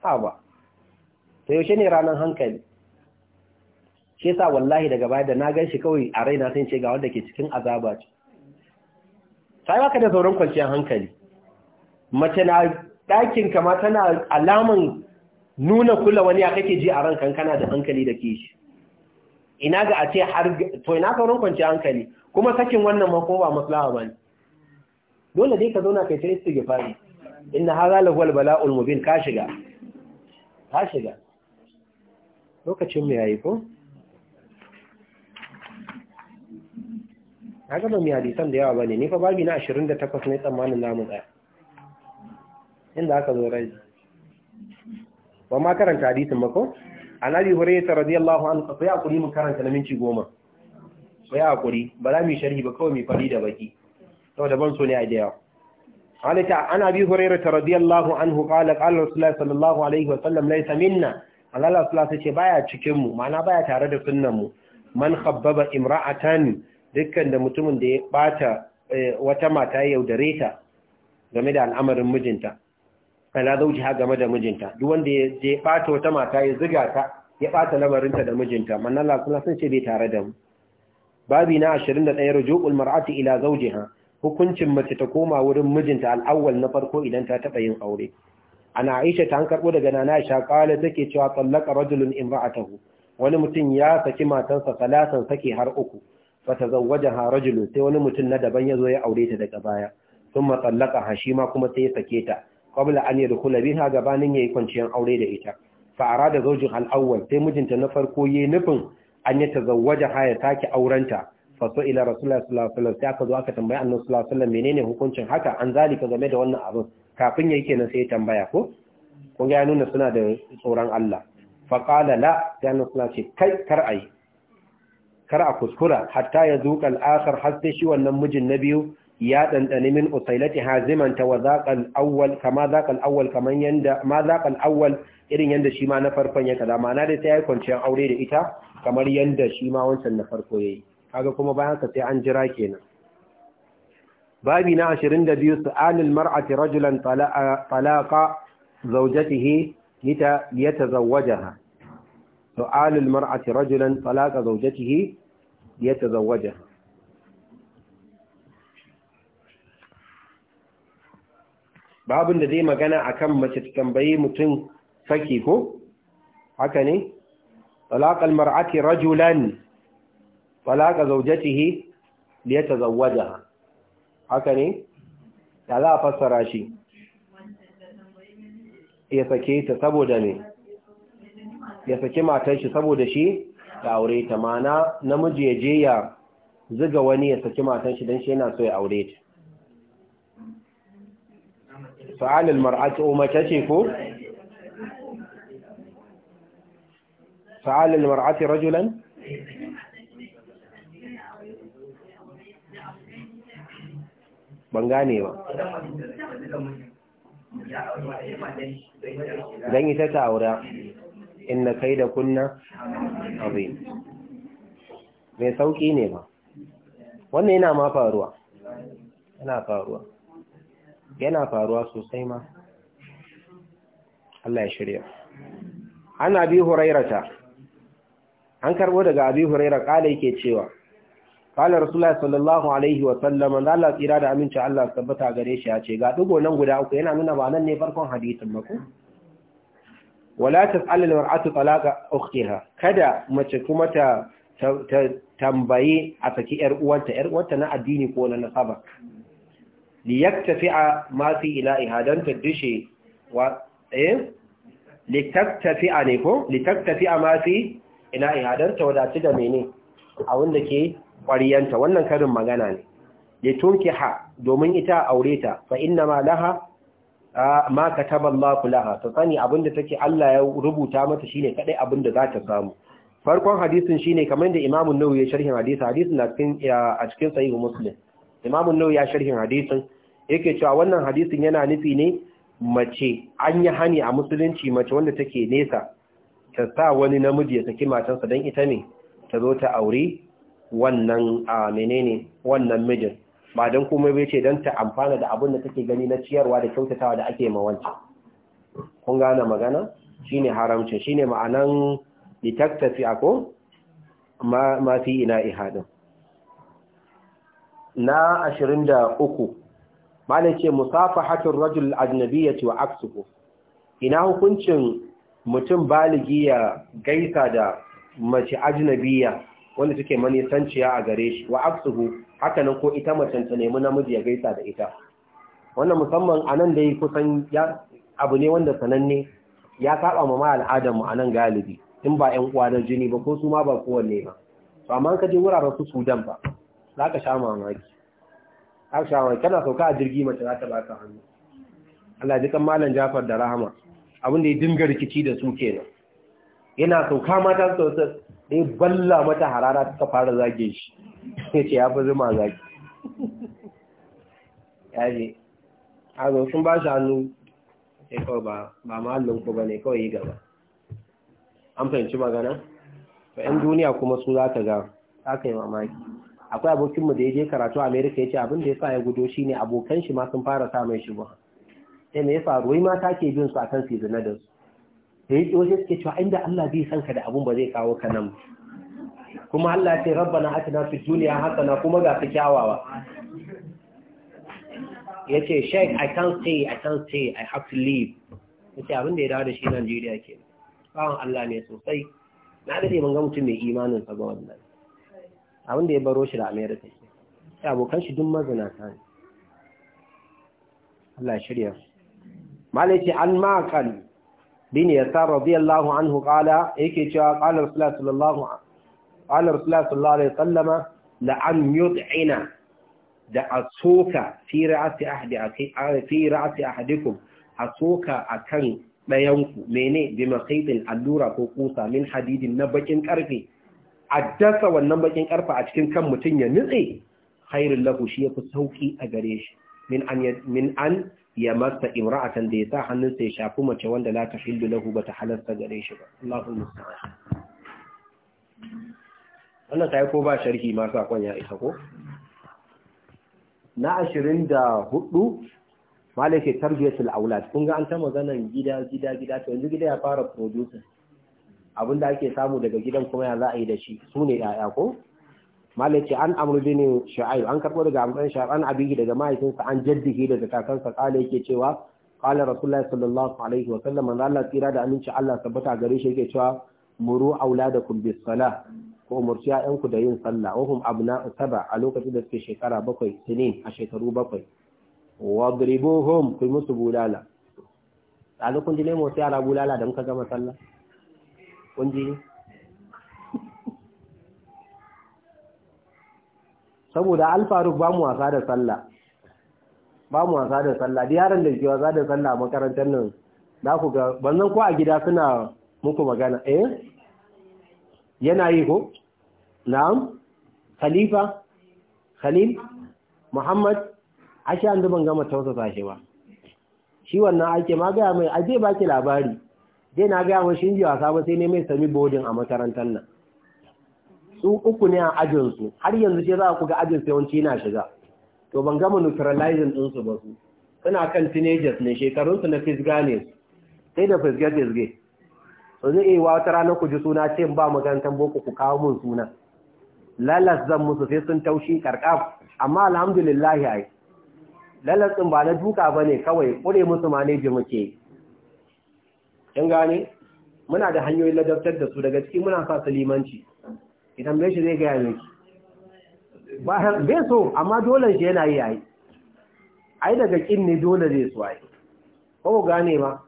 ha ba ta yaushe ne ranar hankali shi sa wallahi daga baya da na gan shi kawai a raina sun ce ga wanda ke cikin azaba ce ta yi baka da sauran kwanciyar hankali mace na ɗakin kama tana alaman nuna kula wani ya kake ji a ran kankana da hankali da ke ina ga a ce har to ina sauran kwanci hankali kuma sakin wannan ma ko ba maslaha ba ne dole dai ka zauna kai ta istighfari inna hadha lahu al-bala'ul mubin ka shiga ka shiga lokacin mu yayi ko haka ba mu hadisan da yawa bane ni fa babi na 28 ne tsammanin namu tsaya inda aka zo rai ba ma karanta hadisin ba ko an abi hurairah radiyallahu anhu fa ya kuri mun karanta na minti 10. Sai ya kuri ba za mu sharhi ba kawai mu fari da baki saboda ban so ne a daya قال عن أبي هريرة رضي الله عنه qala Rasulullahi sallallahu alaihi wa sallam laysa minna. ليس منا قال الله baya cikin mu, وسلم cikinmu ma'ana baya tare da mu. man khabbaba imra'atan dukkan da mutumin da ya bata eh, wata mata ya yaudare ta game da al'amarin mijinta zauji zaujiha game da mijinta duk wanda ya je bata wata mata ya ziga ta ya bata lamarinta da mijinta manna Allah kuma sun ce bai tare da mu babi na 21 rujuul mar'ati ila zaujiha hukuncin mace ta koma wurin mijinta al'awwal na farko idan ta taba yin aure ana Aisha ta an karbo daga nana Aisha kala take cewa tallaqa rajulun imra'atahu wani mutum ya saki matansa salatan saki har uku fatazawwajaha rajulun sai wani mutum na daban ya zo ya aure ta daga baya tallaka ha shi ma kuma sai ya sake ta qabla an yadkhula biha gabanin yayi kwanciyar aure da ita fa arada zawjuha al-awwal sai mijinta na farko yayi nufin an ya tazawwaja ha take aurenta fa so ila rasulullahi sallallahu alaihi wasallam sai aka zo aka tambaye annabi sallallahu alaihi wasallam menene hukuncin haka an zalika game da wannan abin kafin yayi kenan sai ya tambaya ko kun ga ya nuna suna da tsoron Allah fa qala la sai annabi sallallahu alaihi wasallam kai kar ai kar a kuskura hatta ya zuƙa al'asar har shi wannan mijin na biyu ya ɗanɗani min usailati zimanta wa zaƙal awwal kama zaƙal awwal kaman yanda ma zaƙal awwal irin yanda shi ma na farkon ya kaza ma'ana dai sai ya kwanciyar aure da ita kamar yanda shi ma wancan na farko yayi kaga kuma bayan ka sai an jira kenan babi na 22 su'anul mar'ati rajulan talaqa zawjatihi lita yatazawwajaha su'anul mar'ati rajulan talaqa zawjatihi babin da zai magana akan mace ta tambayi mutum saki ko haka ne talaqal mar'ati rajulan talaqa zawjatihi li yatazawwajaha haka ne da za a fassara shi ya sake ta saboda ne ya sake matar shi saboda shi da aure ta mana namiji ya je ya ziga wani ya sake matar shi don shi yana so ya aure ta فعل المرأة أمتشف فعل المرأة رجلا بنغاني ما دعني تتعورا إن كيد كنا عظيم ميسوكي نيما وانا ما فاروا انا فاروا yana faruwa sosai ma Allah ya shirya an abi hurairata an karbo daga abi huraira kala yake cewa kala rasulullahi sallallahu alaihi wa sallam da Allah tsira da aminci Allah tabbata gare shi ya ce ga dugo nan guda uku yana nuna ba nan ne farkon hadisin mako wala tas'al al-mar'atu talaqa ukhtiha kada mace kuma ta tambaye a saki ‘yar uwanta, ‘yar uwanta na addini ko na nasaba, liyaktafi'a ma fi ila'iha don ta dushe wa eh litaktafi'a ne ko litaktafi'a ma fi ila'iha don ta da mene a wanda ke ƙwariyanta wannan karin magana ne Ha domin ita aure ta fa inna ma laha ma kataba Allah laha ta sani abinda take Allah ya rubuta mata shine kadai abinda za ta samu farkon hadisin shine kamar da Imam an ya sharhin hadisi hadisin a cikin sahihu Muslim imamun nau ya sharhin hadisin yake cewa wannan hadisin yana nufi ne mace an yi hani a musulunci mace wanda take nesa ta sa wani namiji ya saki matansa don ita ne ta zo ta aure wannan a menene wannan mijin ba don kuma bai ce don ta amfana da abin da take gani na ciyarwa da kyautatawa da ake mawanci kun gane magana shi shine haramci ne ma'anan litaktafi ako ma fi ina ihadin na 23 malai ce hatin rajul ce wa aksuku ina hukuncin mutum baligi ya gaisa da mace ajnabiya wanda take manisanciya a gare shi wa aksuku haka nan ko ita macen ta nemi namiji ya gaisa da ita wannan musamman a nan da yi kusan abu ne wanda sananne ya saba ma al'adar mu nan galibi in ba 'yan uwa na jini ba ko su ma ba kowanne ba Ba amma ka je wuraren su Sudan ba za ka sha mamaki za ka sha mamaki kana sauka a jirgi mace za ta baka hannu Allah ji kan malam Jafar da Rahama abin da ya dinga rikici da su kenan yana sauka mata su da ya balla mata harara ta fara zage shi ya ce ya fi zuma zage ya je. a zo sun ba shi hannu sai kawai ba ba mahallin ku ba ne kawai yi gaba an fahimci magana ba 'yan duniya kuma su za ka ga za ka yi mamaki akwai abokin mu da ya je karatu a Amerika ya ce abin da ya sa ya gudo shine abokan shi ma sun fara samun shi ba. Sai me ya faru, wai mata ke bin su akan su zina da su. Da waje suke cewa inda Allah bai san ka da abun ba zai kawo ka nan. Kuma Allah ce rabbana atina fi dunya hasana kuma ga su kyawawa. yace ce Sheikh I can't stay I can't stay I have to leave. yace abin da ya dawo da shi Najeriya ke. ba Allah ne sosai. Na dade ban ga mutum mai imanin sa ba wannan. abinda da ya baro shi da america ke sai abokan shi duk mazinata ne Allah shirya malai an bin yasa radiyallahu anhu qala yake cewa qala rasulullahi sallallahu qala rasulullahi sallallahu da asoka fi ra'si ahadi fi ra'si ahadikum asoka akan ɗayanku mene bi makhaitin allura ko kusa min hadidin na bakin karfe a dasa wannan bakin karfa a cikin kan mutum ya nutse khairul lahu shi yafi sauki a gare shi min an min an ya masa imra'atan da yasa sa ya shafi mace wanda la tahillu lahu ba ta halasta gare shi ba Allahu musta'an wannan ko ba sharhi ma sakon ya isa ko na 24 malai tarbiyatul aulad kun ga an ta maganan gida gida gida to yanzu gida ya fara producing abin da ake samu daga gidan kuma ya za a yi da shi su ne ‘ya'ya ko? ce an amurbi ne sha'ayu an karɓo daga amurɗan sha'ayu an abiki daga mahaifinsa an jaddiki daga kakansa ƙala yake cewa ƙala rasulullahi sallallahu alaihi wa an Allah tsira da aminci Allah sabbata gare shi yake cewa muru da bis sala ko yayan ku da yin sallah wa abu na saba a lokacin da suke shekara bakwai sinin a shekaru bakwai wadribuhum ku musu bulala a lokacin ne mu sai bulala da muka gama sallah kun ji saboda alfaruk ba mu wasa da sallah ba mu wasa da sallah da yaran da ke wasa da sallah a makarantar nan za ku ga bannan ko a gida suna muku magana eh yana yi ko na'am khalifa khalil muhammad ashe an ban gama tausasa shi ba shi wannan ake magaya mai aje baki labari dai na gaya wa shinji wasa ba sai ne mai sami bodin a makarantar nan su uku ne a ajin su, har yanzu ce za ku ga ajin su yawanci na shiga to ban gama neutralizing din su ba su suna kan teenagers ne shekarun su na fisga ne su sai da fisge-fisge so zai iya wa rana ku ji suna ce ba makarantar boko ku kawo mun suna lalas zan musu sai sun taushi karkaf amma alhamdulillah ai lalas ɗin ba na duka ba ne kawai kure musu maneji muke kin gane muna da hanyoyin ladabtar da su daga ciki muna sa su limanci idan bai shi zai gaya miki bayan bai so amma dole shi yana yi ai ai daga kin ne dole zai so ai ko gane ba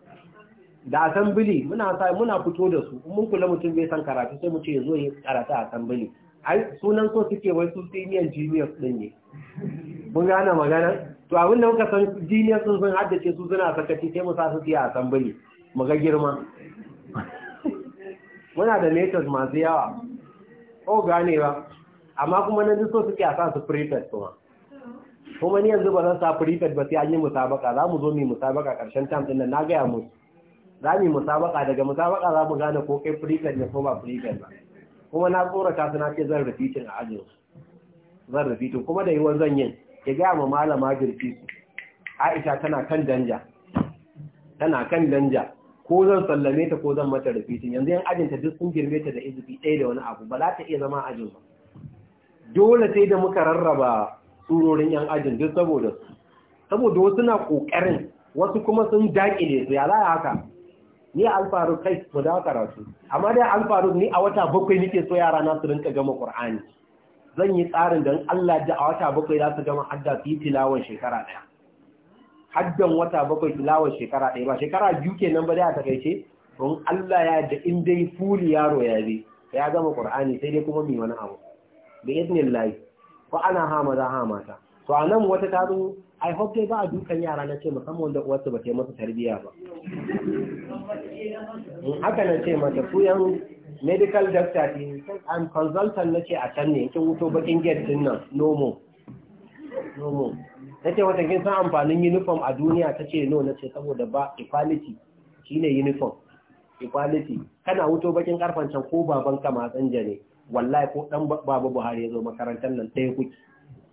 da assembly muna sa muna fito da su mun kula mutum bai san karatu sai mu ce zo yi karatu assembly ai sunan so suke wai su senior junior din ne mun gane magana to abin da muka san junior sun sun haddace su suna sakaci sai mu sa su a assembly mu ga girma muna da latest masu yawa o gane ba amma kuma na so suke a sa su prefect kuma kuma ni yanzu ba zan sa prefect ba sai an yi musabaka za mu zo mu yi musabaka karshen tam din nan na gaya mu za mu yi musabaka daga musabaka za mu gane ko kai prefect ne ko ba prefect ba kuma na tsorata su na ce zan rufitin a ajin zan rufitin kuma da yiwuwar zan yin ya gaya ma malama girki aisha tana kan danja tana kan danja ko zan sallame ta ko zan mata rufitin yanzu yan ajinta duk sun girme ta da izubi ɗaya da wani abu ba za ta iya zama ajin ba dole sai da muka rarraba tsurorin yan ajin duk saboda su saboda wasu na ƙoƙarin wasu kuma sun daƙile su ya haka ni alfaru kai su da karatu amma dai alfaru ni a wata bakwai nake so yara na su rinka gama ƙur'ani. zan yi tsarin dan Allah da a wata bakwai za su gama hadda yi tilawan shekara ɗaya. haddan wata bakwai ilawar shekara ɗaya ba shekara biyu kenan ba dai a takaice don Allah ya da in dai fuli yaro ya je ya gama Qur'ani sai dai kuma mi wani abu bi idnillah ko ana ha maza ha mata to anan wata ta zo I hope dai ba a dukan yara na ce musamman da uwarsu ba ta yi masa tarbiyya ba haka na ce mata ku yan medical doctor din I'm consultant na ce a can ne kin wuto bakin gate din nan nomo no na ce wata kin san amfanin uniform a duniya tace ce no na ce saboda ba equality shine uniform equality kana wuto bakin karfan can ko baban ka matsan wallahi ko dan baba Buhari ya zo makarantar nan ɗaya kuki?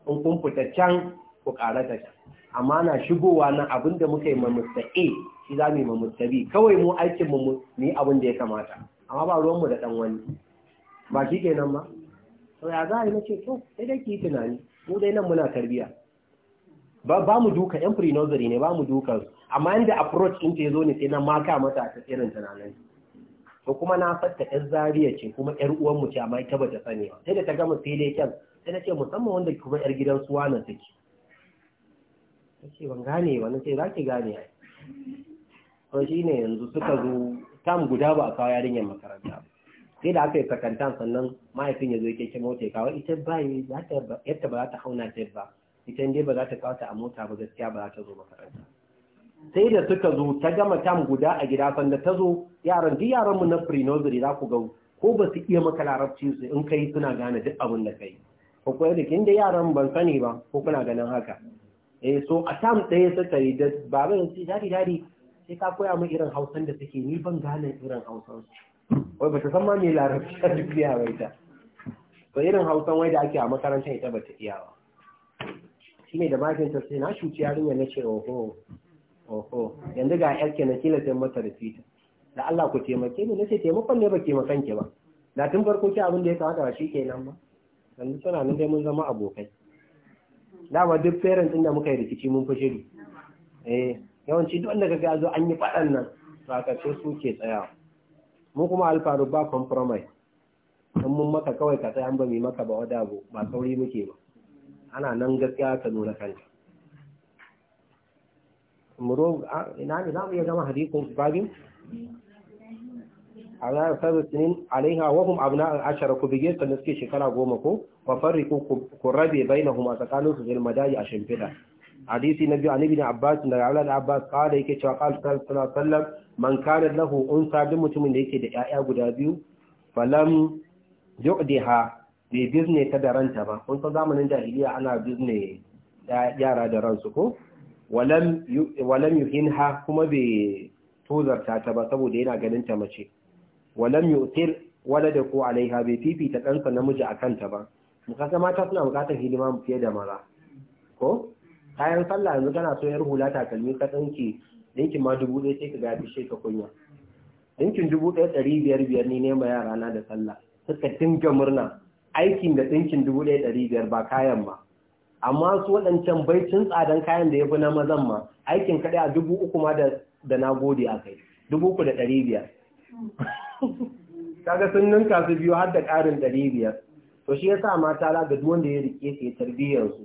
in kun fita can ku ƙara ta can amma na shigowa na abin muka yi ma Mr. A shi za mu yi ma Mr. B kawai mu aikin mu mu yi abin da ya kamata amma ba ruwanmu da ɗan wani ba shi kenan ba to ya za a yi na to sai dai ki tunani mu dai nan muna tarbiya ba ba mu duka yan free nursery ne ba mu duka amma inda approach din ta yazo ne sai na maka mata ta irin tunanin ko kuma na fatta yar zariya ce kuma yar uwan mu ce amma ita bata sani ba sai da ta gama fili kyan sai na ce musamman wanda kuma yar gidan su wani take ce ban gane wani sai za ki gane ai to shine yanzu suka zo tam guda ba a kawo yarinyar makaranta ba sai da aka yi sakantan sannan mahaifin ya zo ya keke mota ya kawo ita ba yadda ba za ta hauna ta ba ita dai ba za ta kawo ta a mota ba gaskiya ba za ta zo makaranta sai da suka zo ta gama tam guda a gida sanda ta zo yaran duk yaran mu na pre-nursery za ku ga ko ba su iya maka larabci su in kai suna gane duk abin da kai ko kuma da kin da yaran ban sani ba ko kuna ganin haka eh so a tam ɗaya suka yi da baban sai dadi dadi sai ka koya mu irin hausan da suke ni ban gane irin hausan su wai bata ta san ma me larabci a duniya bai ita ba irin hausan wai da ake a makarantar ita bata ta iya ba shi ne da ta sai na shuci yarinya na ce oho oho yanzu ga ke na kilatin mata da fita. da Allah ku taimake ni nace taimakon ne ba ke ba da tun farko ki abin da ya kamata ba kenan ba yanzu suna nan dai mun zama abokai dama duk parents din da muka yi rikici mun fi shiri eh yawanci duk wanda ga zo an yi faɗan nan to a ce su ke tsayawa mu kuma alfaru ba compromise in mun maka kawai ka tsaye an ba mai maka ba wada abu ba sauri muke ba ana nan gaskiya ka nuna kanta muro ina ne za mu iya gama Hadikun babin ala sabu sinin alaiha wa hum abna al-ashara ku bige ta suke shekara goma ko fa ko ku rabe bainahum a tsakanin su zil madai a shimfida hadisi na biyu annabi abbas da Allah da abbas kada yake cewa qala sallallahu alaihi wasallam man kana lahu unsa duk mutumin da yake da 'ya'ya guda biyu falam yu'diha bai bizne ta da ranta ba kun san zamanin jahiliya ana bizne yara da ransu ko walam walam yuhinha kuma bai tozarta ta ba saboda yana ganin ta mace walam yu'tir walada ko alaiha bai fifita ɗansa namiji a kanta ba mu mata suna bukatar hidima fiye da maza ko kayan sallah yanzu kana so yar hula takalmi ka ɗinki ɗinkin ma dubu ɗaya sai ka ga sai ka kunya ɗinkin dubu ɗaya ɗari biyar biyar ni ne ma yara na da sallah suka dinga murna aikin da ɗinkin dubu ɗaya ɗari biyar ba kayan ba amma su waɗancan baicin tsadan kayan da ya fi na mazan ma aikin kaɗai a dubu uku ma da na gode a kai dubu uku da ɗari biyar kaga sun ninka su biyu har da ƙarin ɗari biyar to shi yasa mata za ga duk wanda ya rike su ya tarbiyyar su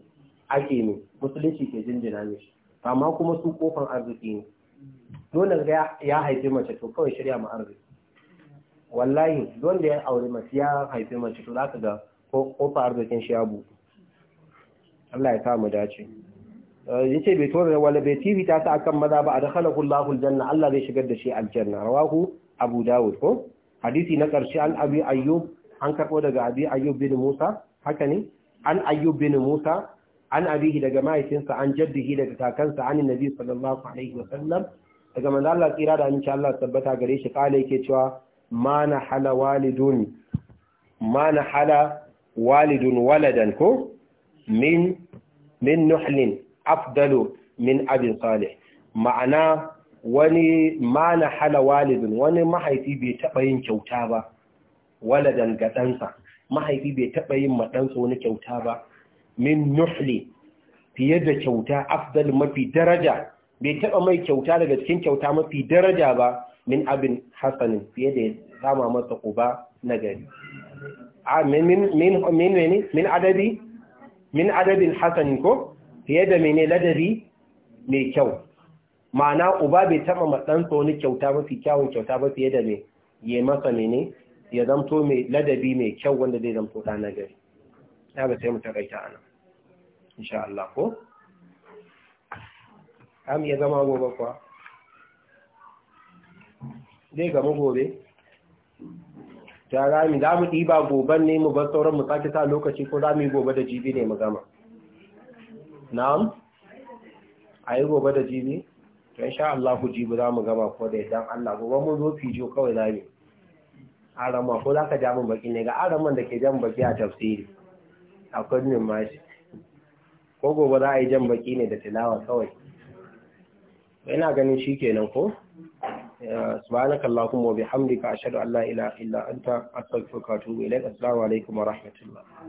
ake ne musulunci ke jinjina ne amma kuma su kofan arziki ne dole ga ya haifi mace to kawai shirya ma arziki wallahi dole ya aure mace ya haifi mace to zaka ga kofar arzikin shi ya bu Allah ya samu dace eh, yace bai tora wala bai tifi ta sa akan maza ba adkhalahu Allahu aljanna Allah zai shigar da shi aljanna rawahu Abu Dawud ko hadisi na karshe an Abi Ayyub an karbo daga Abi Ayyub bin Musa haka ne an Ayyub bin Musa an abihi daga mahaifinsa an jaddihi daga kakansa an nabi sallallahu alaihi wasallam daga manzo Allah tsira da insha Allah tabbata gare shi kale yake cewa ma na hala walidun ma na hala walidun waladan ko min min nuhlin afdalu min abin salih ma'ana wani ma na hala walidun wani mahaifi bai taba yin kyauta ba waladan ga ɗansa mahaifi bai taba yin maɗansa wani kyauta ba min nuhli fiye da kyauta afdal mafi daraja bai taba mai kyauta daga cikin kyauta mafi daraja ba min abin hasanin fiye da ya sama masa uba na gari min adabi min adabin hasanin ko fiye da mene ladabi mai kyau ma'ana uba bai taba matsansa wani kyauta mafi kyawun kyauta ba fiye da mai ya masa mene ya zamto mai ladabi mai kyau wanda zai zamto ɗan nagari ya ba sai mu takaita ana insha Allah ko am ya zama gobe kuwa zai gama gobe ta mi za mu ɗiba goban ne mu bar sauran mu sake sa lokaci ko za yi gobe da jibi ne mu gama na'am a yi gobe da jibi to sha Allah ku jibi za mu gama ko da idan Allah gobe mun zo fijo kawai za mu arama ko za ka ja mun baki ne ga araman da ke jan baki a tafsiri a ne mashi ko gobe za a yi jan baki ne da tilawa kawai ina ganin shi kenan ko subhanaka allahumma wa bihamdika ashhadu an la ilaha illa anta astaghfiruka wa atubu ilaik assalamu alaikum wa rahmatullah